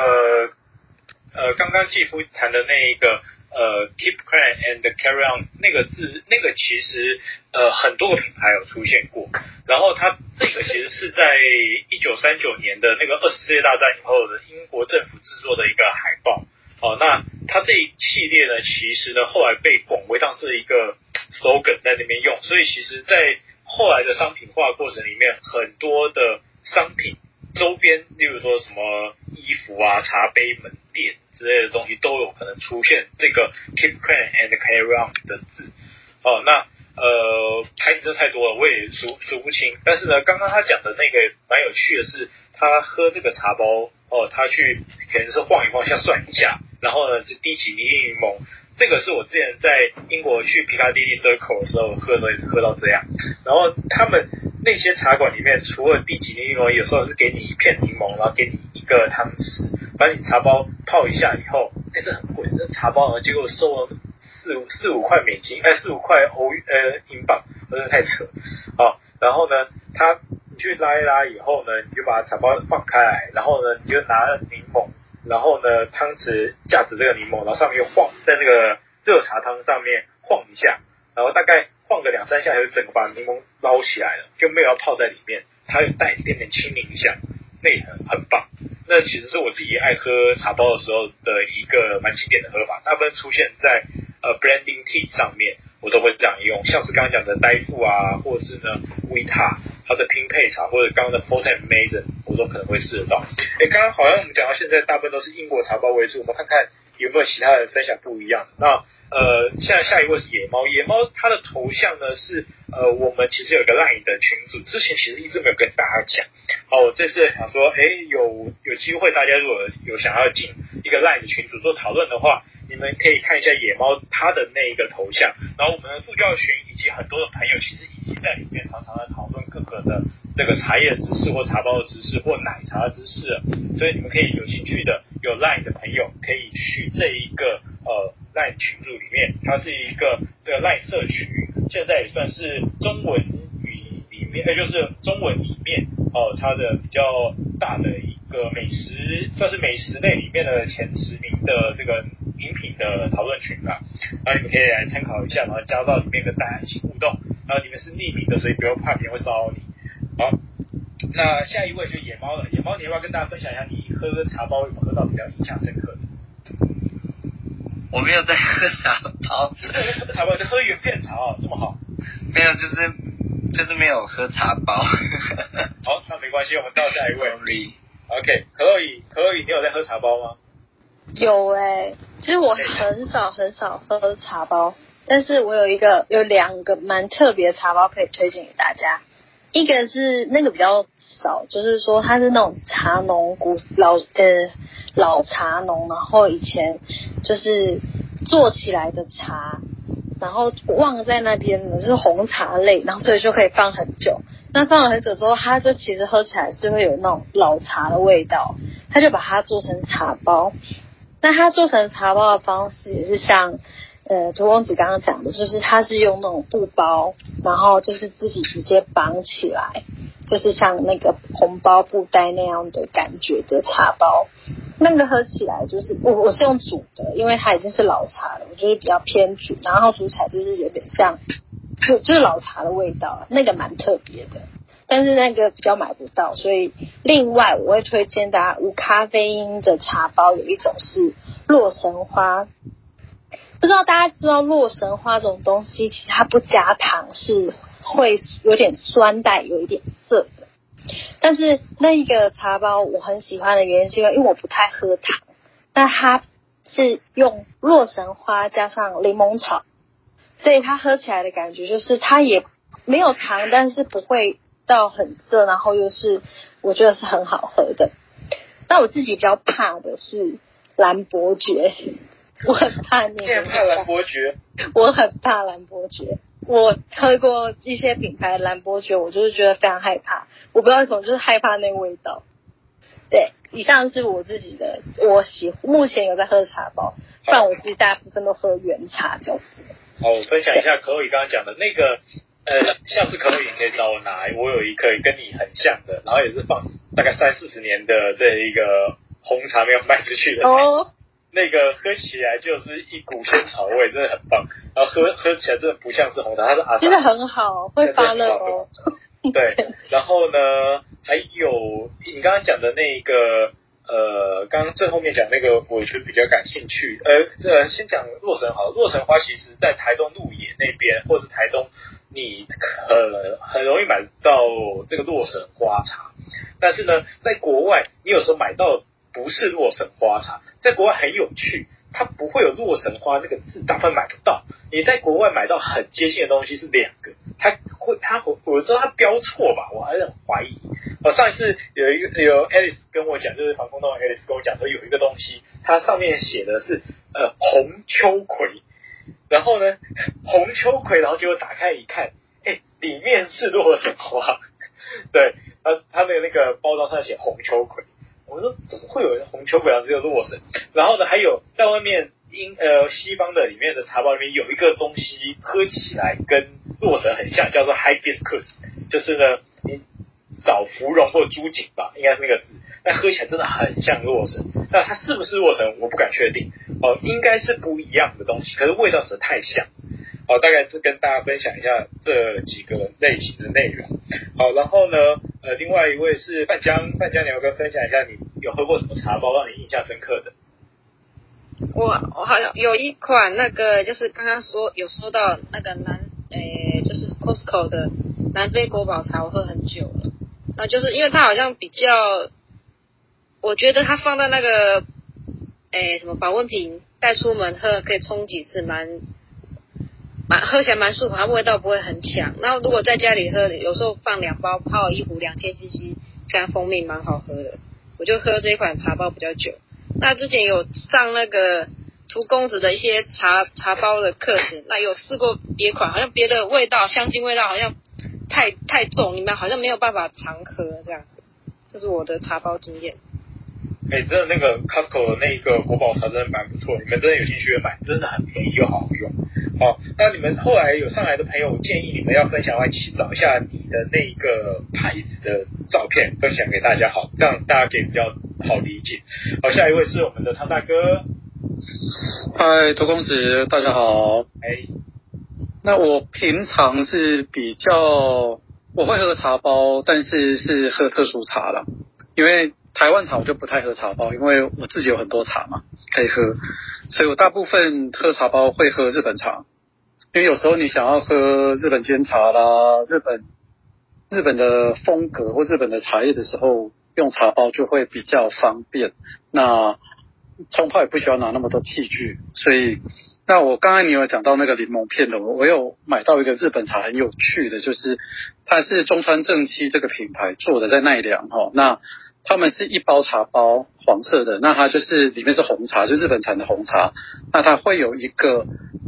呃，剛剛繼夫談的那一個。呃，Keep Calm and the carry on 那個字，那個其實呃很多個品牌有出現過。然後它這個其實是在一九三九年的那個二次世界大戰以後的英國政府製作的一個海報。哦、呃，那它這一系列呢，其實呢後來被廣為當做一個 slogan 在那邊用。所以其實在後來的商品化過程裡面，很多的商品。周邊，例如說什麼衣服啊、茶杯門店之類的東西，都有可能出現這個 keep calm and carry on 的字。哦，那呃牌子真的太多了，我也數數不清。但是呢，剛剛他講的那個蠻有趣的是，他喝這個茶包哦，他去可能是晃一晃、下算一下，然後呢就滴幾，滴檸檬。這個是我之前在英國去皮卡迪迪 Circle 的，的時候喝到喝到這樣，然後他們那些茶館裡面，除了第幾檸檬，有時候是給你一片檸檬，然後給你一個湯匙，把你茶包泡一下以後，哎，這很貴，這茶包呢，結果收了四五四五塊美金，哎，四五塊歐呃英鎊，真的太扯哦，然後呢，他你去拉一拉以後呢，你就把茶包放開來，然後呢，你就拿。然後呢，湯匙架着這個檸檬，然後上面又晃在那個熱茶湯上面晃一下，然後大概晃個兩三下，就整個把檸檬撈起來了，就沒有要泡在裡面，它有帶一點點清檸香，那也很很棒。那其實是我自己愛喝茶包的時候的一個蠻經典的喝法，大部分出現在呃 blending tea 上面，我都會這樣用，像是剛剛講的黛富啊，或者是呢維塔它的拼配茶，或者剛剛的 Fortnum & Mason 我都可能會試得到。哎，剛剛好像我們講到現在，大部分都是英國茶包為主。我們看看有沒有其他人分享不一樣的。那呃，現在下一位是野貓，野貓它的頭像呢是呃，我們其實有一個 LINE 的群組，之前其實一直沒有跟大家講。哦，我這次想說，哎，有有機會大家如果有想要進一個 LINE 的群組做討論的話，你們可以看一下野貓它的那一個頭像。然後我們的助教群以及很多的朋友，其實已經在裡面常常的討論各個的。這個茶葉的知識，或茶包的知識，或奶茶知識，所以你們可以有興趣的有 LINE 的朋友，可以去這一個呃 LINE 群組裡面，它是一個這個 LINE 社群，現在也算是中文語裡面，呃，就是中文裡面哦、呃，它的比較大的一個美食，算是美食類裡面的前十名的這個飲品的討論群吧，那你們可以來參考一下，然後加到裡面跟大家一起互動，然後你們是匿名的，所以不用怕別人會騷擾你。好，那下一位就野貓了。野貓，你要不要跟大家分享一下，你喝茶包有沒有喝到比較印象深刻的？我沒有在喝茶包， 喝茶包 你在喝圓片茶哦，這麼好？沒有，就是就是沒有喝茶包。 好，那沒關係，我們到下一位。OK，可以可以，你有在喝茶包嗎？有誒、欸，其實我很少很少喝茶包，但是我有一個有兩個蠻特別的茶包可以推薦給大家。一個是那個比較少，就是說它是那種茶農古老呃、欸、老茶農，然後以前就是做起來的茶，然後忘在那邊就是紅茶類，然後所以就可以放很久。那放了很久之後，它就其實喝起來是會有那種老茶的味道。它就把它做成茶包，那它做成茶包的方式也是像。呃，荼公子剛剛講的，就是他是用那種布包，然後就是自己直接綁起來，就是像那個紅包布袋那樣的感覺的茶包。那個喝起來就是我我是用煮的，因為它已經是老茶了，我就是比較偏煮，然後煮起來就是有點像就就是老茶的味道，那個蠻特別的。但是那個比較買不到，所以另外我會推薦大家、啊、無咖啡因的茶包，有一種是洛神花。不知道大家知道洛神花這種東西，其實它不加糖是會有點酸帶，帶有一點澀的。但是那一個茶包我很喜歡的原因，是因為因為我不太喝糖，但它是用洛神花加上檸檬草，所以它喝起來的感覺就是它也沒有糖，但是不會到很澀，然後又是我覺得是很好喝的。但我自己比較怕的是藍伯爵。我很怕那個。我怕蘭伯爵。我很怕藍伯爵。我喝過一些品牌的藍伯爵，我就是覺得非常害怕。我不知道為什麼，就是害怕那個味道。對，以上是我自己的。我喜目前有在喝茶包，但我自己大部分都喝原茶種，就是。好，我分享一下可可剛剛講的那個。呃，下次可可以可以找我拿，我有一顆跟你很像的，然後也是放大概三四十年的這一個紅茶，沒有賣出去的哦。Oh, 那個喝起來就是一股仙草味，真的很棒。然後喝喝起來真的不像是紅茶，它是阿薩，真的很好，會發熱哦。對， 然後呢，還有你剛剛講的那個，呃，剛剛最後面講那個，我就比較感興趣。呃，呃先講洛神好，洛神花其實在台東鹿野那邊，或者台東，你可很容易買到這個洛神花茶。但是呢，在國外，你有時候買到。不是洛神花茶，在國外很有趣，它不會有“洛神花”那個字，大部分買不到。你在國外買到很接近的東西是兩個，它會它，我我知道它標錯吧，我還是很懷疑。我、哦、上一次有一個有 Alice 跟我講，就是防空洞 Alice 跟我講說有一個東西，它上面寫的是呃紅秋葵，然後呢紅秋葵，然後結果打開一看，哎，裡面是洛神花，對，他他的那個包裝上寫紅秋葵。我說怎麼會有人紅秋桂涼只有洛神？然後呢，還有在外面英呃西方的裡面的茶包裡面有一個東西，喝起來跟洛神很像，叫做 Hibiscus，就是呢你找芙蓉或朱槿吧，應該是那個字，但喝起來真的很像洛神。那它是不是洛神？我不敢確定。哦，應該是不一樣的東西，可是味道實在太像。哦，大概是跟大家分享一下這幾個類型的內容。好、哦，然後呢？呃，另外一位是范江，范江你要不要分享一下，你有喝過什麼茶包讓你印象深刻的？我我好像有一款那個，就是剛剛說有說到那個南誒、欸，就是 Costco 的南非國寶茶，我喝很久了。然後、呃、就是因為它好像比較，我覺得它放在那個誒、欸、什麼保溫瓶帶出門喝，可以沖幾次，蠻。蠻，喝起來蠻舒服，它味道不會很強。然後如果在家裡喝，有時候放兩包泡一壺兩千 CC，這樣蜂蜜蠻好喝的。我就喝這一款茶包比較久。那之前有上那個荼公子的一些茶茶包的課程，那有試過別款，好像別的味道，香精味道好像太太重，你們好像沒有辦法常喝這樣子。這是我的茶包經驗。哎，真的那個 Costco 的那個國寶茶真的蠻不錯，你們真的有興趣買，真的很便宜又好好用。好，那你們後來有上來的朋友，我建議你們要分享外去找一下你的那一個牌子的照片，分享給大家，好，讓大家可以比較好理解。好，下一位是我們的湯大哥。嗨，荼公子，大家好。哎、hey.。那我平常是比較我會喝茶包，但是是喝特殊茶了，因為。台灣茶我就不太喝茶包，因為我自己有很多茶嘛，可以喝，所以我大部分喝茶包會喝日本茶，因為有時候你想要喝日本煎茶啦、日本日本的風格或日本的茶葉的時候，用茶包就會比較方便。那沖泡也不需要拿那麼多器具，所以那我剛才你有講到那個檸檬片的我，我有買到一個日本茶，很有趣的，就是它是中川正七這個品牌做的，在奈良哈、哦、那。他們是一包茶包，黃色的，那它就是裡面是紅茶，就是、日本產的紅茶。那它會有一個，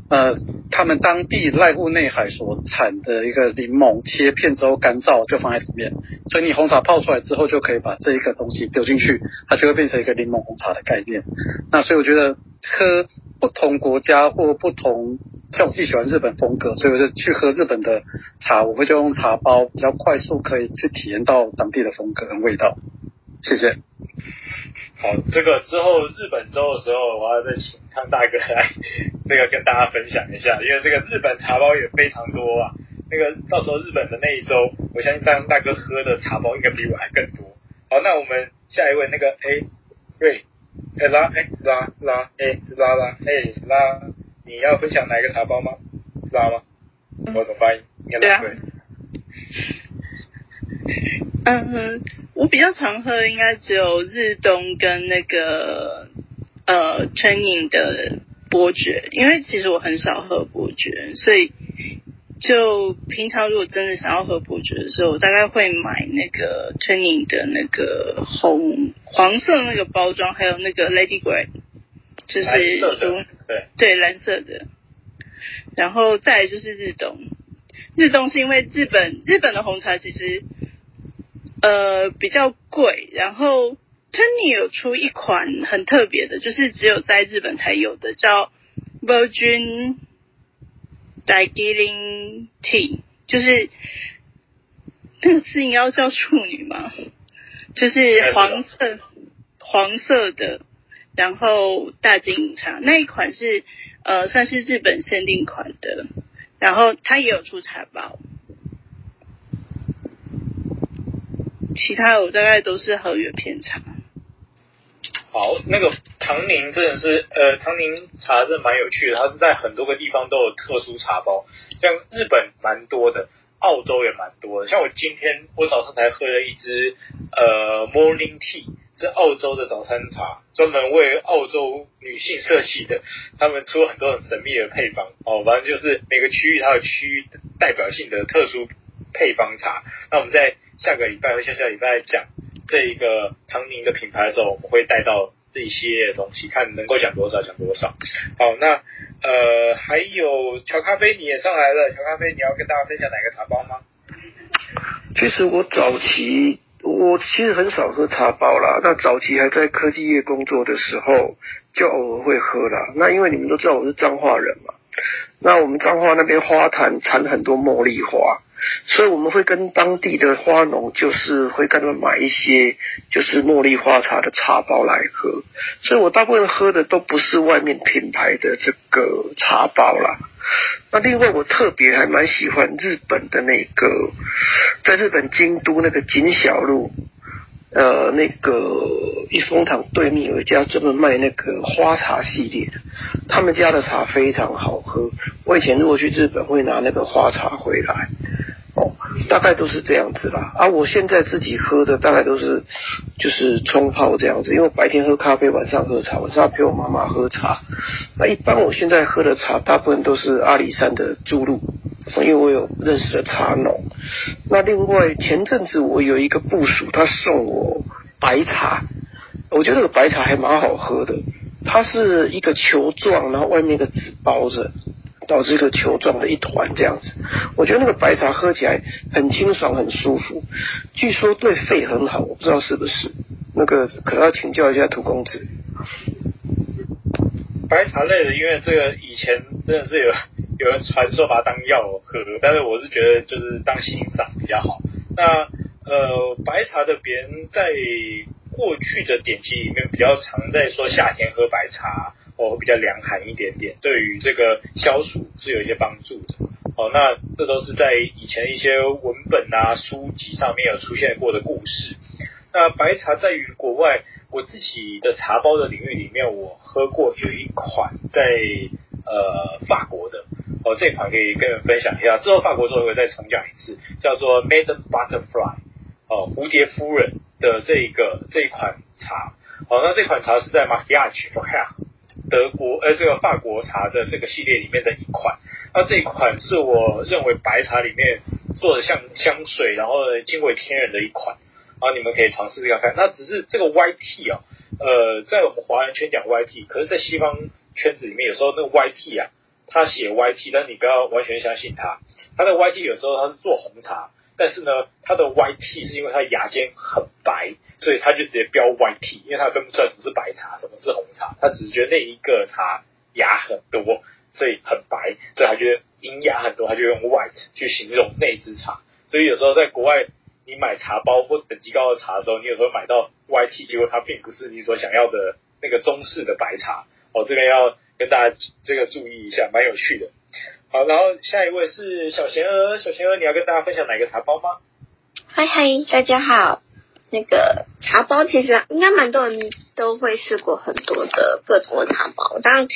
呃，他們當地瀨戶內海所產的一個檸檬切片之後乾燥，就放在裡面。所以你紅茶泡出來之後，就可以把這一個東西丟進去，它就會變成一個檸檬紅茶的概念。那所以我覺得喝不同國家或不同，像我自己喜歡日本風格，所以我就去喝日本的茶，我會就用茶包比較快速可以去體驗到當地的風格跟味道。謝謝。好，這個之後日本周的時候，我要再請湯大哥來，這個跟大家分享一下，因為這個日本茶包也非常多啊。那個到時候日本的那一周，我相信湯大哥喝的茶包應該比我還更多。好，那我們下一位那個 A 瑞，哎、欸欸、拉哎、欸、拉、欸、拉哎、欸、拉、欸、拉哎、欸拉，欸、拉，你要分享哪一個茶包嗎？拉嗎？我怎麼發音？欸、拉對。對啊嗯、uh,，我比較常喝應該只有日東跟那個呃唐寧的伯爵，因為其實我很少喝伯爵，所以就平常如果真的想要喝伯爵的時候，我大概會買那個唐寧的那個紅黃色那個包裝，還有那個 Lady Grey，就是對對藍色的，然後再來就是日東，日東是因為日本日本的紅茶其實。呃，比較貴。然後 Toni 有出一款很特別的，就是只有在日本才有的，叫 Virgin Darjeeling Tea，就是那個字應該要叫處女嗎？就是黃色黃色的，然後大吉嶺茶那一款是呃算是日本限定款的，然後它也有出茶包。其他我大概都是喝葉片茶。好，那個唐寧真的是，呃，唐寧茶真蠻有趣的，它是在很多個地方都有特殊茶包，像日本蠻多的，澳洲也蠻多的。像我今天我早上才喝了一支，呃，Morning Tea 是澳洲的早餐茶，專門為澳洲女性設計的，他們出了很多很神秘的配方。哦，反正就是每個區域它的區域代表性的特殊。配方茶，那我們在下個禮拜或下下禮拜講這一個唐寧的品牌的時候，我們會帶到這一系列的東西，看能夠講多少講多少。好，那呃還有喬咖啡你也上來了，喬咖啡你要跟大家分享哪個茶包嗎？其實我早期我其實很少喝茶包啦，那早期還在科技業工作的時候，就偶爾會喝啦，那因為你們都知道我是彰化人嘛，那我們彰化那邊花壇產很多茉莉花。所以我們會跟當地的花農，就是會跟他們買一些就是茉莉花茶的茶包來喝。所以我大部分喝的都不是外面品牌的這個茶包啦。那另外我特別還蠻喜歡日本的那個，在日本京都那個錦小路。呃，那個一風堂對面有一家專門賣那個花茶系列的，他們家的茶非常好喝。我以前如果去日本，會拿那個花茶回來。哦、大概都是這樣子啦，啊，我現在自己喝的大概都是就是沖泡這樣子，因為我白天喝咖啡，晚上喝茶，晚上陪我媽媽喝茶。那一般我現在喝的茶，大部分都是阿里山的珠露，因為我有認識的茶農。那另外前陣子我有一個部屬，他送我白茶，我覺得這個白茶還蠻好喝的，它是一個球狀，然後外面的紙包着。導致一個球狀的一團這樣子，我覺得那個白茶喝起來很清爽，很舒服，據說對肺很好，我不知道是不是。那個可能要請教一下荼公子。白茶類的，因為這個以前真的是有有人傳說把它當藥喝，但是我是覺得就是當欣賞比較好。那呃，白茶的別人在過去的典籍裡面比較常在說夏天喝白茶。哦，比較涼寒一點點，對於這個消暑是有一些幫助的。哦，那這都是在以前一些文本啊、書籍上面有出現過的故事。那白茶在於國外，我自己的茶包的領域裡面，我喝過有一款在呃法國的，哦，這款可以跟你們分享一下。之後法國做一，我再重講一次，叫做 Madam Butterfly 哦，蝴蝶夫人的這一個這一款茶。哦，那這款茶是在 Mariage Frères 德國，呃，這個法國茶的這個系列裡面的一款，那這一款是我認為白茶裡面做的像香水，然後驚為天人的一款，然後，啊，你們可以嘗試一下看。那只是這個 YT 啊，哦，呃，在我們華人圈講 YT，可是在西方圈子裡面有時候那個 YT 啊，他寫 YT，但你不要完全相信他，他的 YT 有時候他是做紅茶。但是呢，它的 YT 是因為它芽尖很白，所以他就直接標 YT，因為它分不出來什麼是白茶，什麼是紅茶，他只覺得那一個茶芽很多，所以很白，所以他覺得銀芽很多，他就用 white 去形容那支茶。所以有時候在國外，你買茶包或等級高的茶的時候，你有時候買到 YT，結果它並不是你所想要的那個中式的白茶。哦，這邊要跟大家這個注意一下，蠻有趣的。好，然後下一位是小賢兒，小賢兒，你要跟大家分享哪個茶包嗎？嗨嗨，大家好，那個茶包其實應該蠻多人都會試過很多的各種的茶包，當然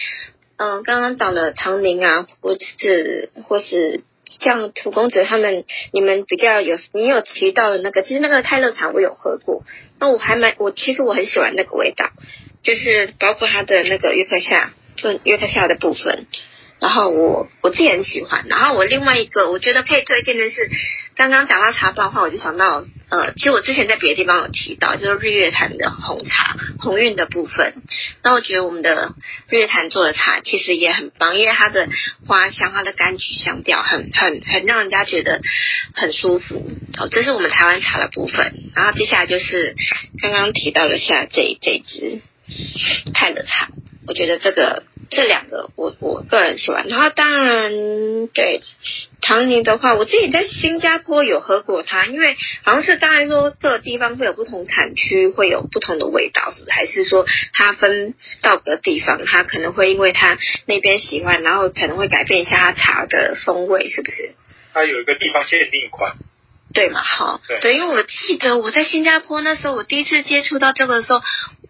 嗯、呃、剛剛講的唐寧啊，或是或是像荼公子他們，你們比較有你有提到的那個，其實那個泰勒茶我有喝過，那我還蠻我其實我很喜歡那個味道，就是包括它的那個約克夏就約克夏的部分。然後我我自己很喜歡。然後我另外一個我覺得可以推薦的是，剛剛講到茶包的話，我就想到呃，其實我之前在別的地方有提到，就是日月潭的紅茶紅韻的部分。那我覺得我們的日月潭做的茶其實也很棒，因為它的花香、它的柑橘香調很很很讓人家覺得很舒服。好、哦，這是我們台灣茶的部分。然後接下來就是剛剛提到了下這這支泰勒茶，我覺得這個。這兩個我我個人喜歡，然後當然對唐寧的話，我自己在新加坡有喝過它，因為好像是當然說這個地方會有不同產區會有不同的味道，是不是？還是說它分到各地方，它可能會因為它那邊喜歡，然後可能會改變一下它茶的風味，是不是？它有一個地方限定款。對嘛，好、哦，對，因為我記得我在新加坡那時候，我第一次接觸到這個的時候，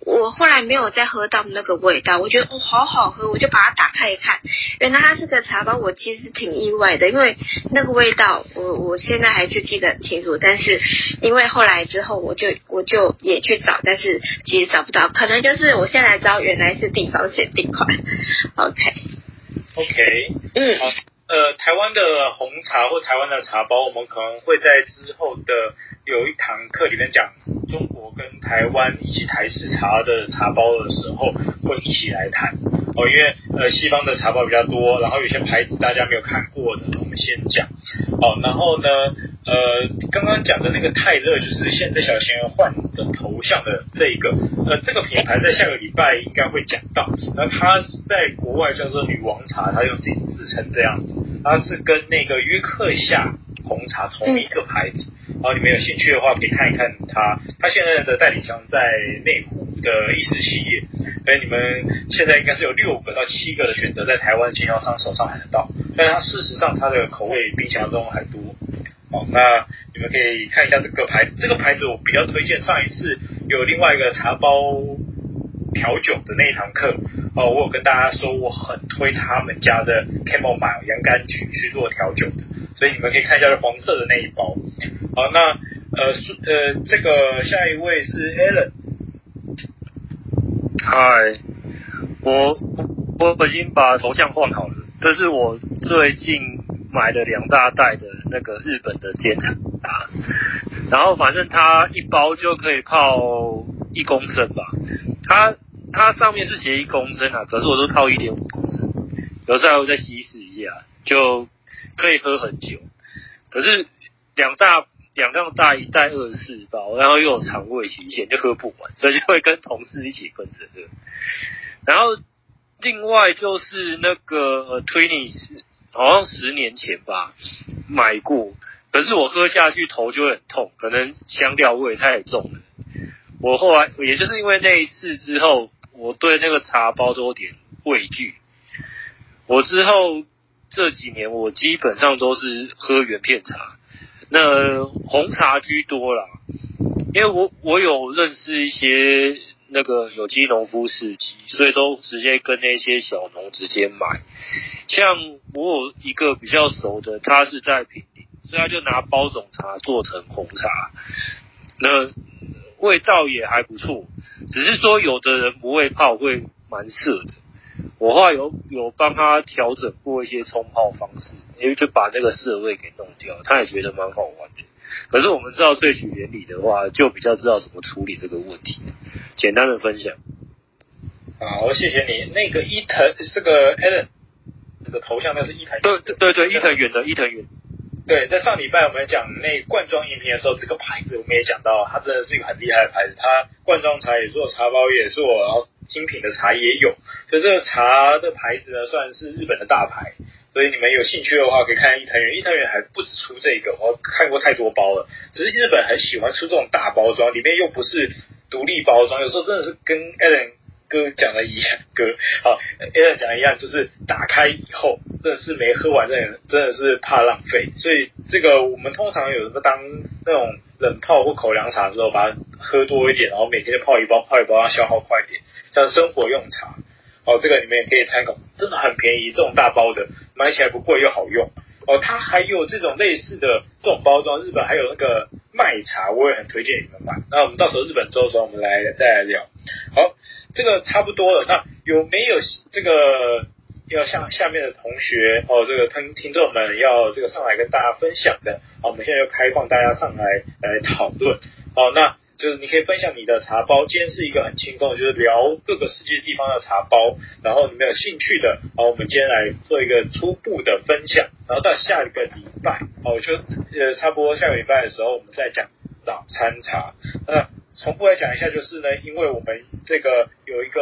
我後來沒有再喝到那個味道，我覺得哦好好喝，我就把它打開一看，原來它是個茶包，我其實挺意外的，因為那個味道我我現在還是記得很清楚，但是因為後來之後，我就我就也去找，但是其實找不到，可能就是我現在知道原來是地方限定款，OK，OK，嗯。Okay, 呃，台灣的紅茶或台灣的茶包，我們可能會在之後的有一堂課裡面講中國跟台灣以及台式茶的茶包的時候，會一起來談。哦，因為呃，西方的茶包比較多，然後有些牌子大家沒有看過的，我們先講。哦，然後呢，呃，剛剛講的那個泰勒，就是現在小新要先換的頭像的這一個，呃，這個品牌在下個禮拜應該會講到。那它在國外叫做女王茶，它用自己自稱這樣子，它是跟那個約克夏。紅茶同一個牌子，嗯，好，你們有興趣的話可以看一看它。它現在的代理商在內湖的一絲企業，所、呃、以你們現在應該是有六個到七個的選擇在台灣經銷商手上買得到。但是它事實上它的口味比想像中還多，好，那你們可以看一下這個牌子。這個牌子我比較推薦。上一次有另外一個茶包。調酒的那一堂課哦、呃，我有跟大家說我很推他們家的 Camomile 洋甘菊去做調酒的，所以你們可以看一下這黃色的那一包。好、呃，那呃是呃這個下一位是 Alan。嗨，我我我已經把頭像換好了，這是我最近買的兩大袋的那個日本的煎茶、啊，然後反正它一包就可以泡。一公升吧，它它上面是寫一公升啊，可是我都靠一點五公升，有時候還會再稀釋一下，就可以喝很久。可是兩大兩樣大一袋二十四包，然後又有腸胃極限，洗洗就喝不完，所以就會跟同事一起分着喝。然後另外就是那個 Twinings，好像十年前吧，買過，可是我喝下去頭就會很痛，可能香料味太重了。我後來也就是因為那一次之後，我對那個茶包都有點畏懼。我之後這幾年，我基本上都是喝原片茶，那紅茶居多啦。因為我我有認識一些那個有機農夫市集，所以都直接跟那些小農直接買。像我有一個比較熟的，他是在坪林，所以他就拿包種茶做成紅茶。那味道也還不錯，只是說有的人不會泡，會蠻澀的。我後來有有幫他調整過一些沖泡方式，因為就把這個澀味給弄掉，他也覺得蠻好玩的。可是我們知道萃取原理的話，就比較知道怎麼處理這個問題。簡單的分享。好，謝謝你。那個伊藤，這個 Alan，這個頭像，那是伊藤。對對對，伊藤園的伊藤園。對，在上禮拜我們講那個罐裝飲品的時候，這個牌子我們也講到，它真的是一個很厲害的牌子。它罐裝茶也做，茶包也做，然後精品的茶也有。所以這個茶的牌子呢，算是日本的大牌。所以你們有興趣的話，可以看看伊藤園，伊藤園還不止出這個，我看過太多包了。只是日本很喜歡出這種大包裝，裡面又不是獨立包裝，有時候真的是跟 Allen。就講了一樣，哥，好，現在講一樣，就是打開以後，真的是沒喝完，真的真的是怕浪費，所以這個我們通常有什麼當那種冷泡或口糧茶的時候，把它喝多一點，然後每天就泡一包，泡一包，讓消耗快一點。像生活用茶，哦，這個你們也可以參考，真的很便宜，這種大包的買起來不貴又好用。哦，它還有這種類似的這種包裝，日本還有那個麥茶，我也很推薦你們買，那我們到時候日本之後的時候，我們來再來聊。好，這個差不多了。那有沒有這個要向下面的同學哦，這個聽聽眾們要這個上來跟大家分享的？好、哦，我們現在就開放大家上來來討論。好、哦，那就是你可以分享你的茶包。今天是一個很輕鬆，就是聊各個世界地方的茶包。然後你們有,有興趣的，好、哦，我們今天來做一個初步的分享。然後到下一個禮拜，好、哦，就呃差不多下個禮拜的時候，我們再講早餐茶。那、嗯重複來講一下，就是呢，因為我們這個有一個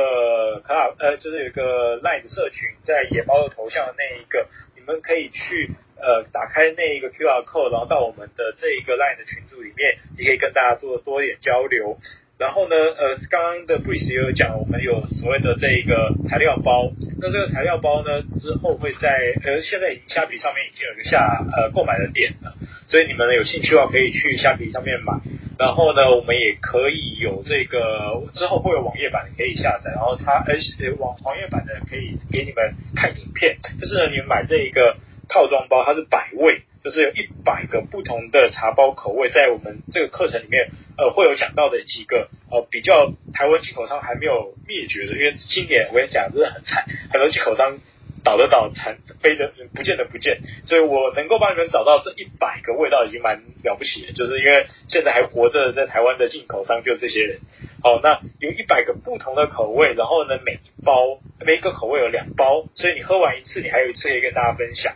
club，呃，就是有一個 line 的社群，在野貓的頭像的那一個，你們可以去呃打開那一個 QR code，然後到我們的這一個 line 的群組裡面，也可以跟大家做多一點交流。然後呢，呃，剛剛的布里斯也有講，我們有所謂的這一個材料包。那這個材料包呢，之後會在呃，現在已經蝦皮上面已經有一個下呃購買的點了，所以你們呢有興趣的話，可以去蝦皮上面買。然後呢，我們也可以有這個，之後會有網頁版可以下載，然後它呃網網頁版的可以給你們看影片。就是呢，你們買這一個套裝包，它是百味。就是有一百個不同的茶包口味，在我們這個課程裡面，呃，會有講到的幾個呃，比較台灣進口商還沒有滅絕的，因為今年我跟你講真的很慘，很多進口商倒的倒殘，飛的不見的不見，所以我能夠幫你們找到這一百個味道已經蠻了不起的，就是因為現在還活着在台灣的進口商就這些人。好、哦，那有一百個不同的口味，然後呢，每一包每一個口味有兩包，所以你喝完一次，你還有一次可以跟大家分享。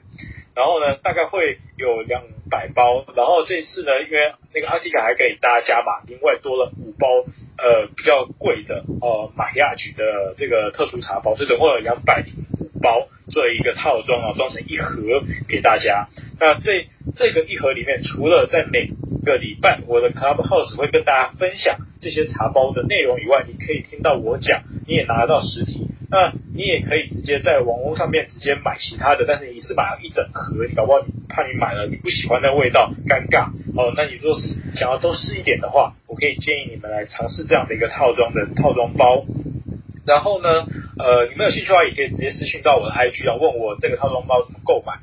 然後呢，大概會有兩百包。然後這次呢，因為那個阿蒂卡還給大家加碼，另外多了五包，呃，比較貴的，呃，馬亞菊的這個特殊茶包，所以總共有兩百零五包做一個套裝啊，裝成一盒給大家。那這這個一盒裡面，除了在美個禮拜，我的 Clubhouse 會跟大家分享這些茶包的內容以外，你可以聽到我講，你也拿得到實體。那，你也可以直接在網路上面直接買其他的，但是你是買了一整盒，你搞不好怕你買了你不喜歡的味道，尷尬。哦，那你若是想要多試一點的話，我可以建議你們來嘗試這樣的一個套裝的套裝包。然後呢，呃，你們有興趣的話，也可以直接私訊到我的 IG 上問我這個套裝包怎麼購買。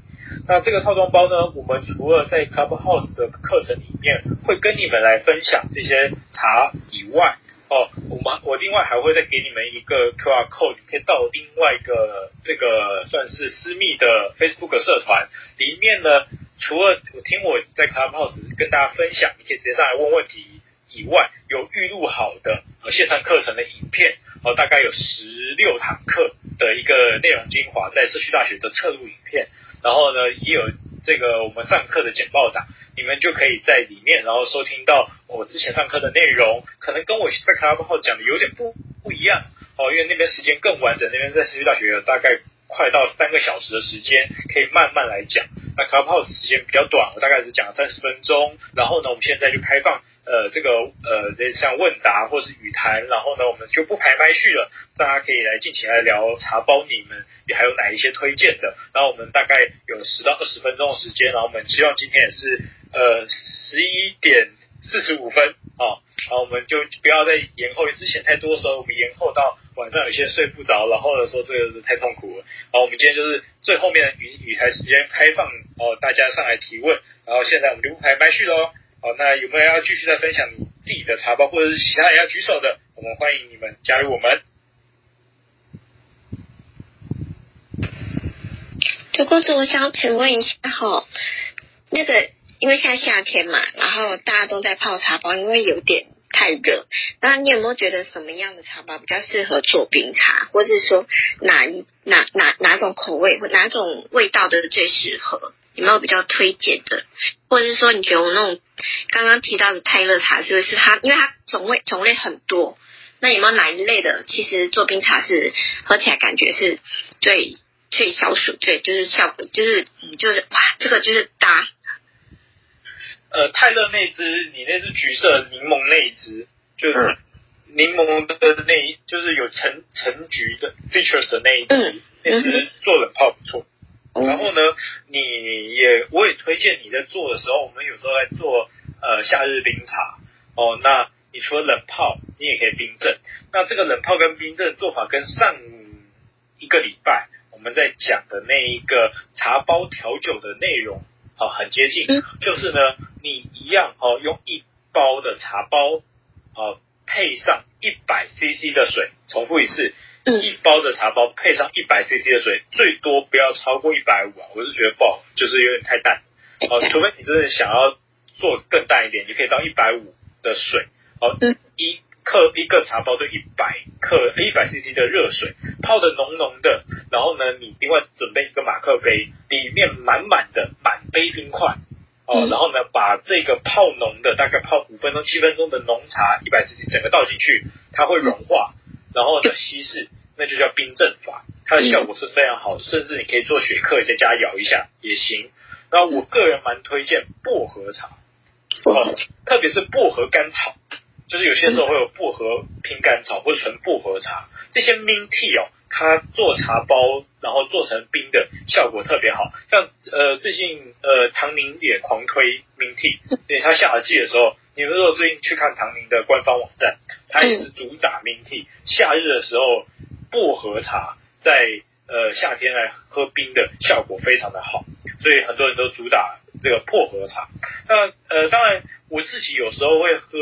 那這個套裝包呢，我們除了在 Clubhouse 的課程裡面會跟你們來分享這些茶以外，哦，我們我另外還會再給你們一個 QR code，你可以到另外一個這個算是私密的 Facebook 社團裡面呢。除了我聽我在 Clubhouse 跟大家分享，你可以直接上來問問題以外，有預錄好的呃，線上課程的影片，哦，大概有十六堂課的一個內容精華，在社區大學的側錄影片。然後呢，也有這個我們上課的簡報檔，你們就可以在裡面，然後收聽到我之前上課的內容，可能跟我在 Clubhouse 講的有點不不一樣哦，因為那邊時間更完整，那邊在私立大學有大概快到三個小時的時間，可以慢慢來講，那 Clubhouse 時間比較短，我大概只講了三十分鐘，然後呢，我們現在就開放。呃，這個呃，像問答或是語談，然後呢，我們就不排麥序了，大家可以來盡情來聊茶包，查你們也還有哪一些推薦的？然後我們大概有十到二十分鐘的時間，然後我們希望今天也是呃十一點四十五分啊，哦，然後我們就不要再延後，之前太多的時候我們延後到晚上有些睡不着，然後呢說這個是太痛苦了。然後我們今天就是最後面的語語台時間開放哦，大家上來提問，然後現在我們就不排麥序嘍。好，那有沒有要繼續再分享你自己的茶包，或者是其他人要舉手的，我們歡迎你們加入我們。荼公子，我想請問一下哈、哦，那個因為現在夏天嘛，然後大家都在泡茶包，因為有點太熱。那你有沒有覺得什麼樣的茶包比較適合做冰茶，或者說哪一哪哪哪種口味或哪種味道的最適合？有沒有比較推薦的，或者是說你覺得我那種剛剛提到的泰勒茶，是不是它？因為它種類種類很多，那有沒有哪一類的，其實做冰茶是喝起來感覺是最最消暑、最就是效果就是就是哇，這個就是搭。呃，泰勒那支，你那支橘色檸檬那支，就是檸檬的那，嗯、就是有橙橙橘的 features 的那一支、嗯嗯，那支做冷泡不錯。然後呢，你也我也推薦你在做的時候，我們有時候來做呃夏日冰茶哦。那你除了冷泡，你也可以冰鎮。那這個冷泡跟冰鎮做法跟上一個禮拜我們在講的那一個茶包調酒的內容哦很接近，就是呢你一樣哦用一包的茶包哦配上一百 CC 的水，重複一次。一包的茶包配上一百 CC 的水，最多不要超過一百五啊！我是覺得不好，就是有點太淡。哦，除非你真的想要做更淡一點，你可以倒一百五的水。哦，一克一個茶包就一百克，一百 CC 的熱水泡得濃濃的。然後呢，你另外準備一個馬克杯，裡面滿滿的滿杯冰塊。哦，然後呢，把這個泡濃的，大概泡五分鐘、七分鐘的濃茶，一百 CC 整個倒進去，它會融化。然後呢，稀釋，那就叫冰鎮法，它的效果是非常好的，甚至你可以做雪克，在家搖一下也行。那我個人蠻推薦薄荷茶，哦，特別是薄荷甘草，就是有些時候會有薄荷拼甘草或者純薄荷茶，這些 mint tea 哦。他做茶包，然後做成冰的效果特別好，像呃最近呃唐寧也狂推冰替，對他夏季的時候，你們如果最近去看唐寧的官方網站，他也是主打冰替、嗯，夏日的時候薄荷茶在呃夏天來喝冰的效果非常的好，所以很多人都主打這個薄荷茶。那呃當然我自己有時候會喝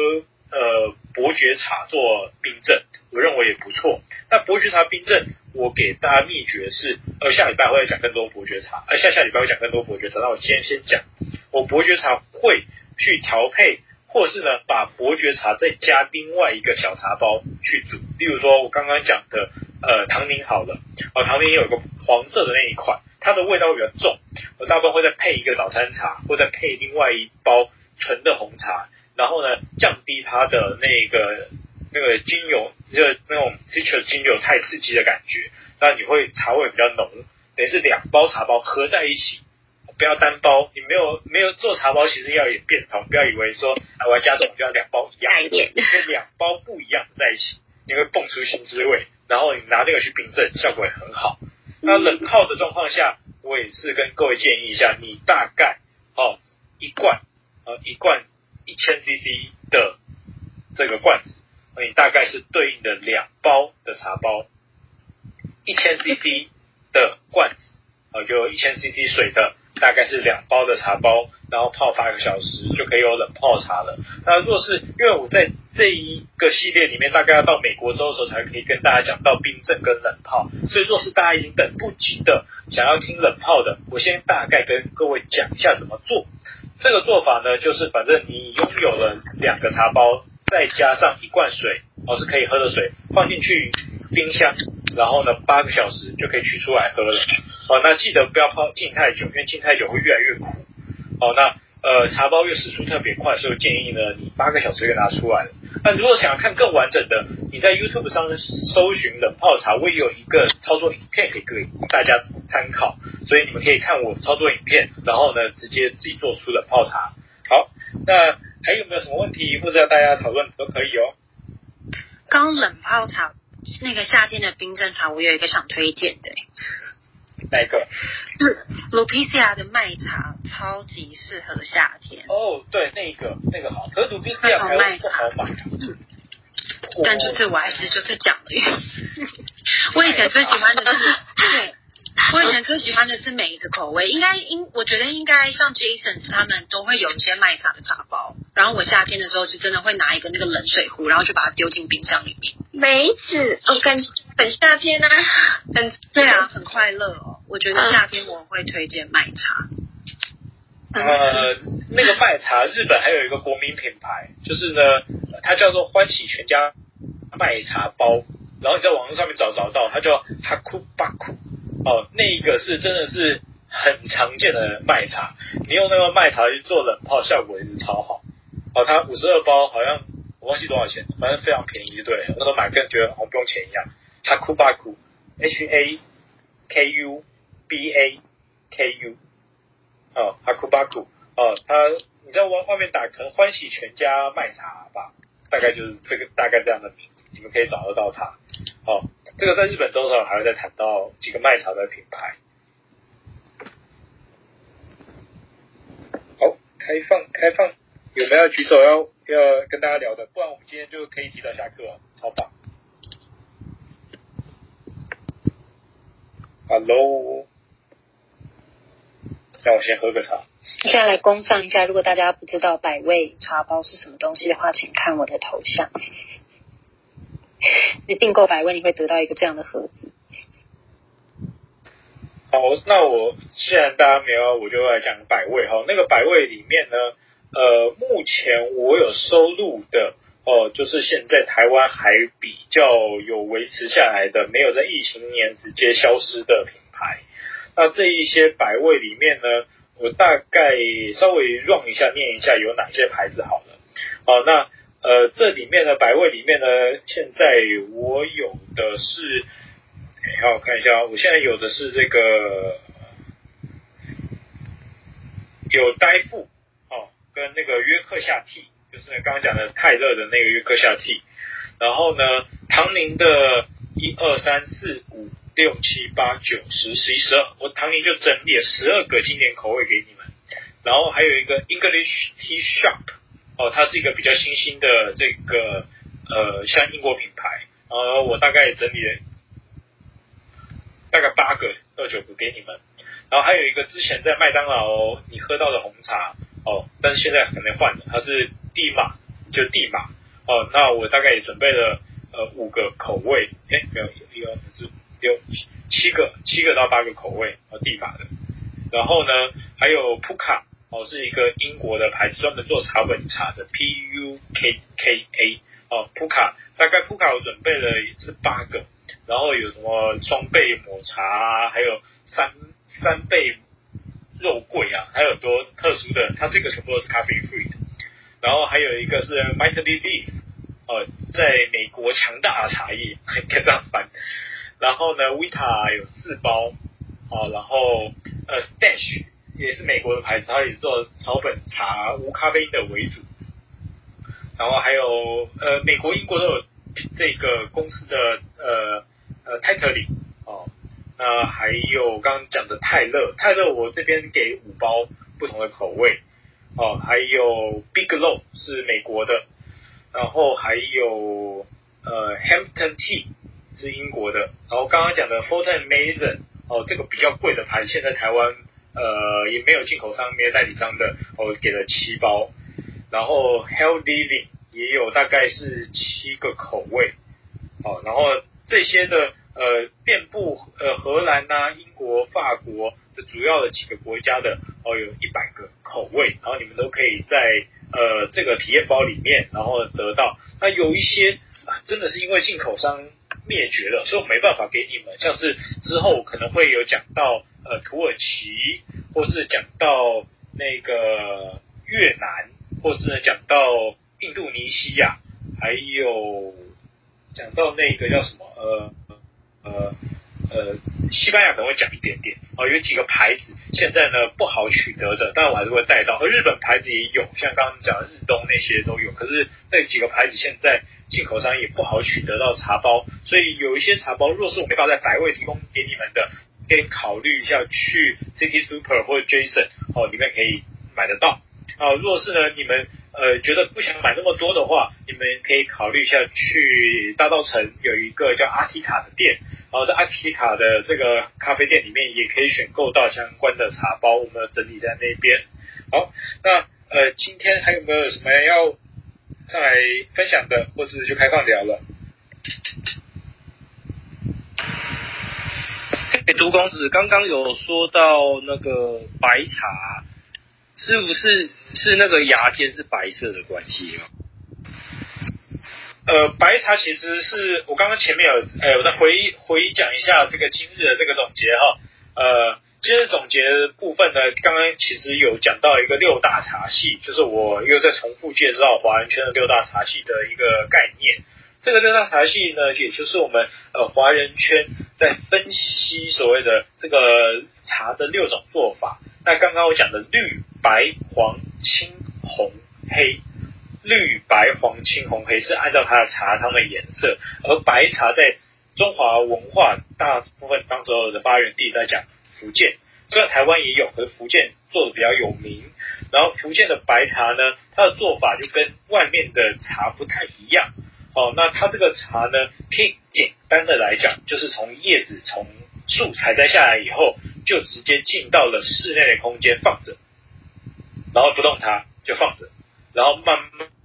呃。伯爵茶做冰鎮，我認為也不錯。那伯爵茶冰鎮，我給大家秘訣是：呃，下禮拜會講更多伯爵茶，呃下下禮拜會講更多伯爵茶。那我先先講，我伯爵茶會去調配，或是呢，把伯爵茶再加另外一個小茶包去煮。例如說，我剛剛講的呃，唐寧好了，啊、哦，唐寧也有一個黃色的那一款，它的味道比較重，我大部分會再配一個早餐茶，或再配另外一包純的紅茶。然後呢，降低它的那個那個精油，就那種提取精油太刺激的感覺。那你會茶味比較濃，等於是兩包茶包合在一起，不要單包。你沒有沒有做茶包，其實要也變好。不要以為說啊，我要加重，就要兩包一樣，就兩包不一樣在一起，你會蹦出新滋味。然後你拿這個去冰鎮，效果也很好。那冷泡的狀況下，我也是跟各位建議一下，你大概哦一罐呃一罐。呃一罐一千 CC 的這個罐子，你大概是對應的兩包的茶包。一千 CC 的罐子啊，就有一千 CC 水的，大概是兩包的茶包，然後泡八個小時就可以有冷泡茶了。那若是因為我在這一個系列裡面，大概要到美國之後才可以跟大家講到冰鎮跟冷泡，所以若是大家已經等不及的想要聽冷泡的，我先大概跟各位講一下怎麼做。這個做法呢，就是反正你擁有了兩個茶包，再加上一罐水，哦，是可以喝的水，放進去冰箱，然後呢，八個小時就可以取出來喝了。哦，那記得不要泡浸太久，因為浸太久會越來越苦。哦，那呃，茶包越釋出特別快，所以我建議呢，你八個小時就拿出來。那如果想要看更完整的，你在 YouTube 上搜尋冷泡茶，我有一個操作影片，可以給大家參考，所以你們可以看我操作影片，然後呢，直接自己做出冷泡茶。好，那還有沒有什麼問題？不知道大家討論都可以哦。剛冷泡茶那個夏天的冰鎮茶，我有一個想推薦的。那一個？盧、嗯、皮西亞的麥茶超級適合夏天。哦，對，那一個，那個好。可是盧皮西亞還有麥茶嗯、哦。但就是我還是就是講，了，嗯嗯、 我以前最喜歡的就是 對。我以前最喜歡的是梅子口味，應該應我覺得應該像 Jason 他們都會有一些麥茶的茶包，然後我夏天的時候就真的會拿一個那個冷水壺，然後就把它丟進冰箱裡面。梅子哦，感覺很夏天啊，很、嗯、對啊，很快樂哦。我覺得夏天我會推薦麥茶。嗯、 呃，那個麥茶日本還有一個國民品牌，就是呢，它叫做歡喜全家麥茶包，然後你在網絡上面找找到，它叫 Hakubaku 哦，那一個是真的是很常見的麥茶，你用那個麥茶去做冷泡，效果也是超好。哦，它五十二包，好像我忘記多少錢，反正非常便宜就對了。我那時候買，個人覺得好像不用錢一樣。哈庫巴庫 H A K U B A K U 哦，哈庫巴庫哦，它你在外外面打，可能歡喜全家麥茶吧，大概就是這個，大概這樣的名字，你們可以找得到它。好、哦，這個在日本周上還會再談到幾個賣茶的品牌。好，開放開放，有沒有舉手要要跟大家聊的？不然我們今天就可以提早下課，超棒。Hello，讓我先喝個茶。現在來工商一下，如果大家不知道百味茶包是什麼東西的話，請看我的頭像。你訂購百味，你會得到一個這樣的盒子。好，那我既然大家沒有，我就來講百味哈。那個百味裡面呢，呃，目前我有收錄的哦、呃，就是現在台灣還比較有維持下來的，沒有在疫情年直接消失的品牌。那這一些百味裡面呢，我大概稍微 run 一下念一下，有哪些牌子好了。好、呃、那。呃，這裡面的百味裡面呢，現在我有的是，好，我看一下，我現在有的是這個有呆富哦，跟那個約克夏 T，就是剛剛講的泰勒的那個約克夏 T，然後呢，唐寧的一二三四五六七八九十十一十二，我唐寧就整理了十二個經典口味給你們，然後還有一個 English Tea Shop。哦，它是一個比較新興的這個呃，像英國品牌，然後我大概也整理了大概八個到九個給你們，然後還有一個之前在麥當勞你喝到的紅茶，哦，但是現在還沒換的，它是帝瑪，就是帝瑪，哦，那我大概也準備了呃五個口味，誒，沒有，第二個是六七個，七個到八個口味，呃、哦，帝瑪的，然後呢，還有普卡。哦，是一個英國的牌子，專門做草本茶的，P U K K A，哦，普卡，大概普卡我準備了也是八個，然後有什麼雙倍抹茶，還有三三倍肉桂啊，還有很多特殊的，它這個全部都是咖啡 free 的，然後還有一個是 Mighty Leaf，哦，在美國強大的茶葉，可以這樣翻，然後呢，Vita 有四包，哦，然後呃，Stash。也是美國的牌子，它也是做草本茶、無咖啡因的為主。然後還有呃，美國、英國都有這個公司的呃呃，泰特里哦，那、呃、還有剛剛講的泰勒，泰勒我這邊給五包不同的口味哦，還有 Bigelow 是美國的，然後還有呃 Hampton Tea 是英國的，然後剛剛講的 Fortnum & Mason 哦，這個比較貴的牌，現在台灣。呃，也沒有進口商，沒有代理商的，我、哦、給了七包，然後 Higher Living 也有大概是七個口味，哦，然後這些的呃，遍布呃荷蘭吶、啊、英國、法國的主要的幾個國家的，哦，有一百個口味，然後你們都可以在呃這個體驗包裡面，然後得到。那有一些。啊，真的是因為進口商滅絕了，所以我沒辦法給你們。像是之後可能會有講到，呃，土耳其，或是講到那個越南，或是講到印度尼西亞，還有講到那個叫什麼，呃，呃，呃。西班牙可能會講一點點哦，有幾個牌子現在呢不好取得的，但我還是會帶到。而日本牌子也有，像剛剛講的日東那些都有，可是那幾個牌子現在進口商也不好取得到茶包，所以有一些茶包若是我沒法在百位提供給你們的，可以考慮一下去 City Super 或者 Jason 哦，裡面可以買得到。啊，如果是呢，你們呃覺得不想買那麼多的話，你們可以考慮一下去大稻埕有一個叫阿提卡的店，後、啊、在阿提卡的這個咖啡店裡面也可以選購到相關的茶包，我們整理在那邊。好，那呃今天還有沒有什麼要再來分享的，或是就開放聊了？哎，荼公子剛剛有說到那個白茶。是不是是那個芽尖是白色的關係嗎？呃，白茶其實是我剛剛前面有呃、欸，我再回回講一下這個今日的這個總結哈。呃，今日總結的部分呢，剛剛其實有講到一個六大茶系，就是我又在重複介紹華人圈的六大茶系的一個概念。這個六大茶系呢，也就是我們呃華人圈在分析所謂的這個茶的六種做法。那剛剛我講的綠白黃青紅黑，綠白黃青紅黑是按照它的茶湯的顏色。而白茶在中華文化大部分當時候，的發源地在講福建，雖然台灣也有，可是福建做的比較有名。然後福建的白茶呢，它的做法就跟外面的茶不太一樣。哦，那它這個茶呢，可以簡單的來講，就是從葉子從。樹採摘下來以後，就直接進到了室內的空間放着，然後不動它就放着，然後慢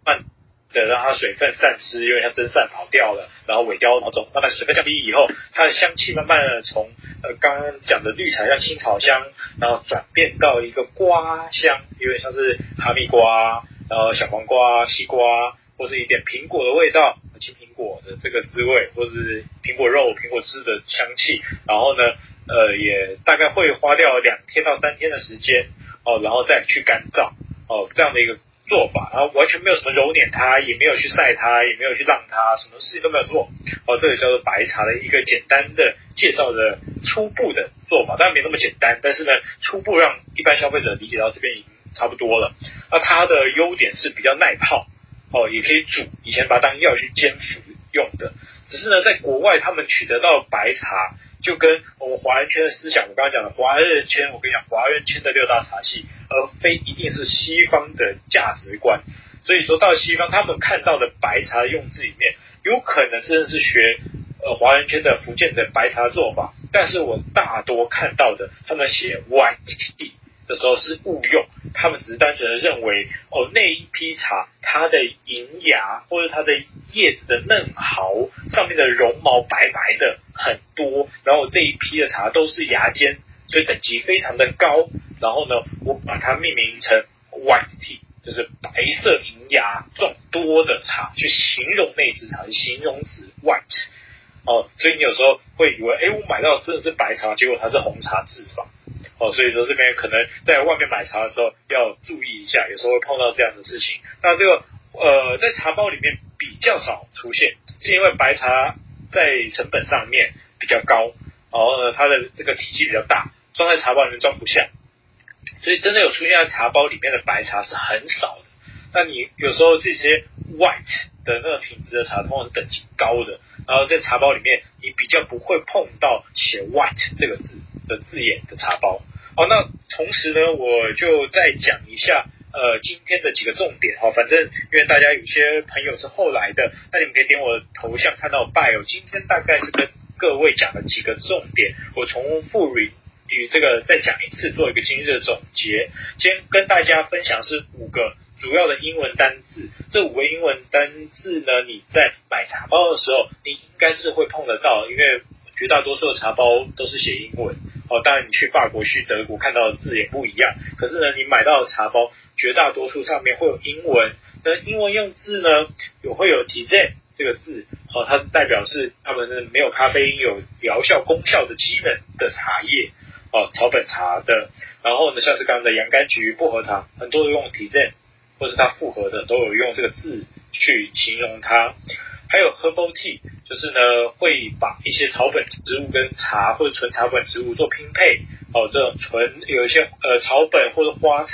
慢的讓它水分散失，有點像蒸散跑掉了，然後萎凋老走，慢慢水分降低以後，它的香氣慢慢的從呃剛剛講的綠茶像青草香，然後轉變到一個瓜香，有點像是哈密瓜，然後小黃瓜、西瓜。或者一點蘋果的味道，青蘋果的這個滋味，或者是蘋果肉、蘋果汁的香氣。然後呢，呃，也大概會花掉兩天到三天的時間哦，然後再去乾燥哦，這樣的一個做法，然後完全沒有什麼揉捻它，也沒有去曬它，也沒有去晾它，什麼事情都沒有做哦。這個叫做白茶的一個簡單的介紹的初步的做法，當然沒那麼簡單，但是呢，初步讓一般消費者理解到這邊已經差不多了。那它的優點是比較耐泡。哦，也可以煮，以前把它當藥去煎服用的。只是呢，在國外他們取得到白茶，就跟我們華人圈的思想，我剛剛講的華人圈，我跟你講，華人圈的六大茶系，而非一定是西方的價值觀。所以說到西方，他們看到的白茶用字裡面，有可能甚至是學呃華人圈的福建的白茶做法。但是我大多看到的，他們寫 White Tea。的時候是誤用，他們只是單純的認為，哦，那一批茶它的銀芽或者它的葉子的嫩毫，上面的絨毛白白的很多，然後這一批的茶都是芽尖，所以等級非常的高。然後呢，我把它命名成 white tea，就是白色銀芽眾多的茶，去形容那支茶，形容詞 white。哦，所以你有時候會以為，哎，我買到的真的是白茶，結果它是紅茶制法。哦，所以說這邊可能在外面買茶的時候要注意一下，有時候會碰到這樣的事情。那這個呃，在茶包裡面比較少出現，是因為白茶在成本上面比較高，然後呢，它的這個體積比較大，裝在茶包裡面裝不下。所以真的有出現在茶包裡面的白茶是很少的。那你有時候這些 white 的那個品質的茶，通常等級高的，然後在茶包裡面你比較不會碰到寫 white 這個字的字眼的茶包好。那同時呢，我就再講一下呃今天的幾個重點哦，反正因為大家有些朋友是後來的，那你們可以點我的頭像看到拜我哦，今天大概是跟各位講了幾個重點，我重複與這個再講一次，做一個今日的總結。先跟大家分享是五個主要的英文單字，這五個英文單字呢，你在買茶包的時候，你應該是會碰得到，因為絕大多數的茶包都是寫英文。哦，當然你去法國、去德國看到的字也不一樣，可是呢，你買到的茶包絕大多數上面會有英文，那英文用字呢，有會有 tisane 這個字，哦，它代表是他們的沒有咖啡因、有療效功效的基本的茶葉，哦，草本茶的，然後呢，像是剛剛的洋甘菊、薄荷茶，很多都用 tisane 或是它複合的都有用這個字去形容它。還有 herbal tea，就是呢會把一些草本植物跟茶或者純草本植物做拼配，哦，這種純有一些呃草本或者花材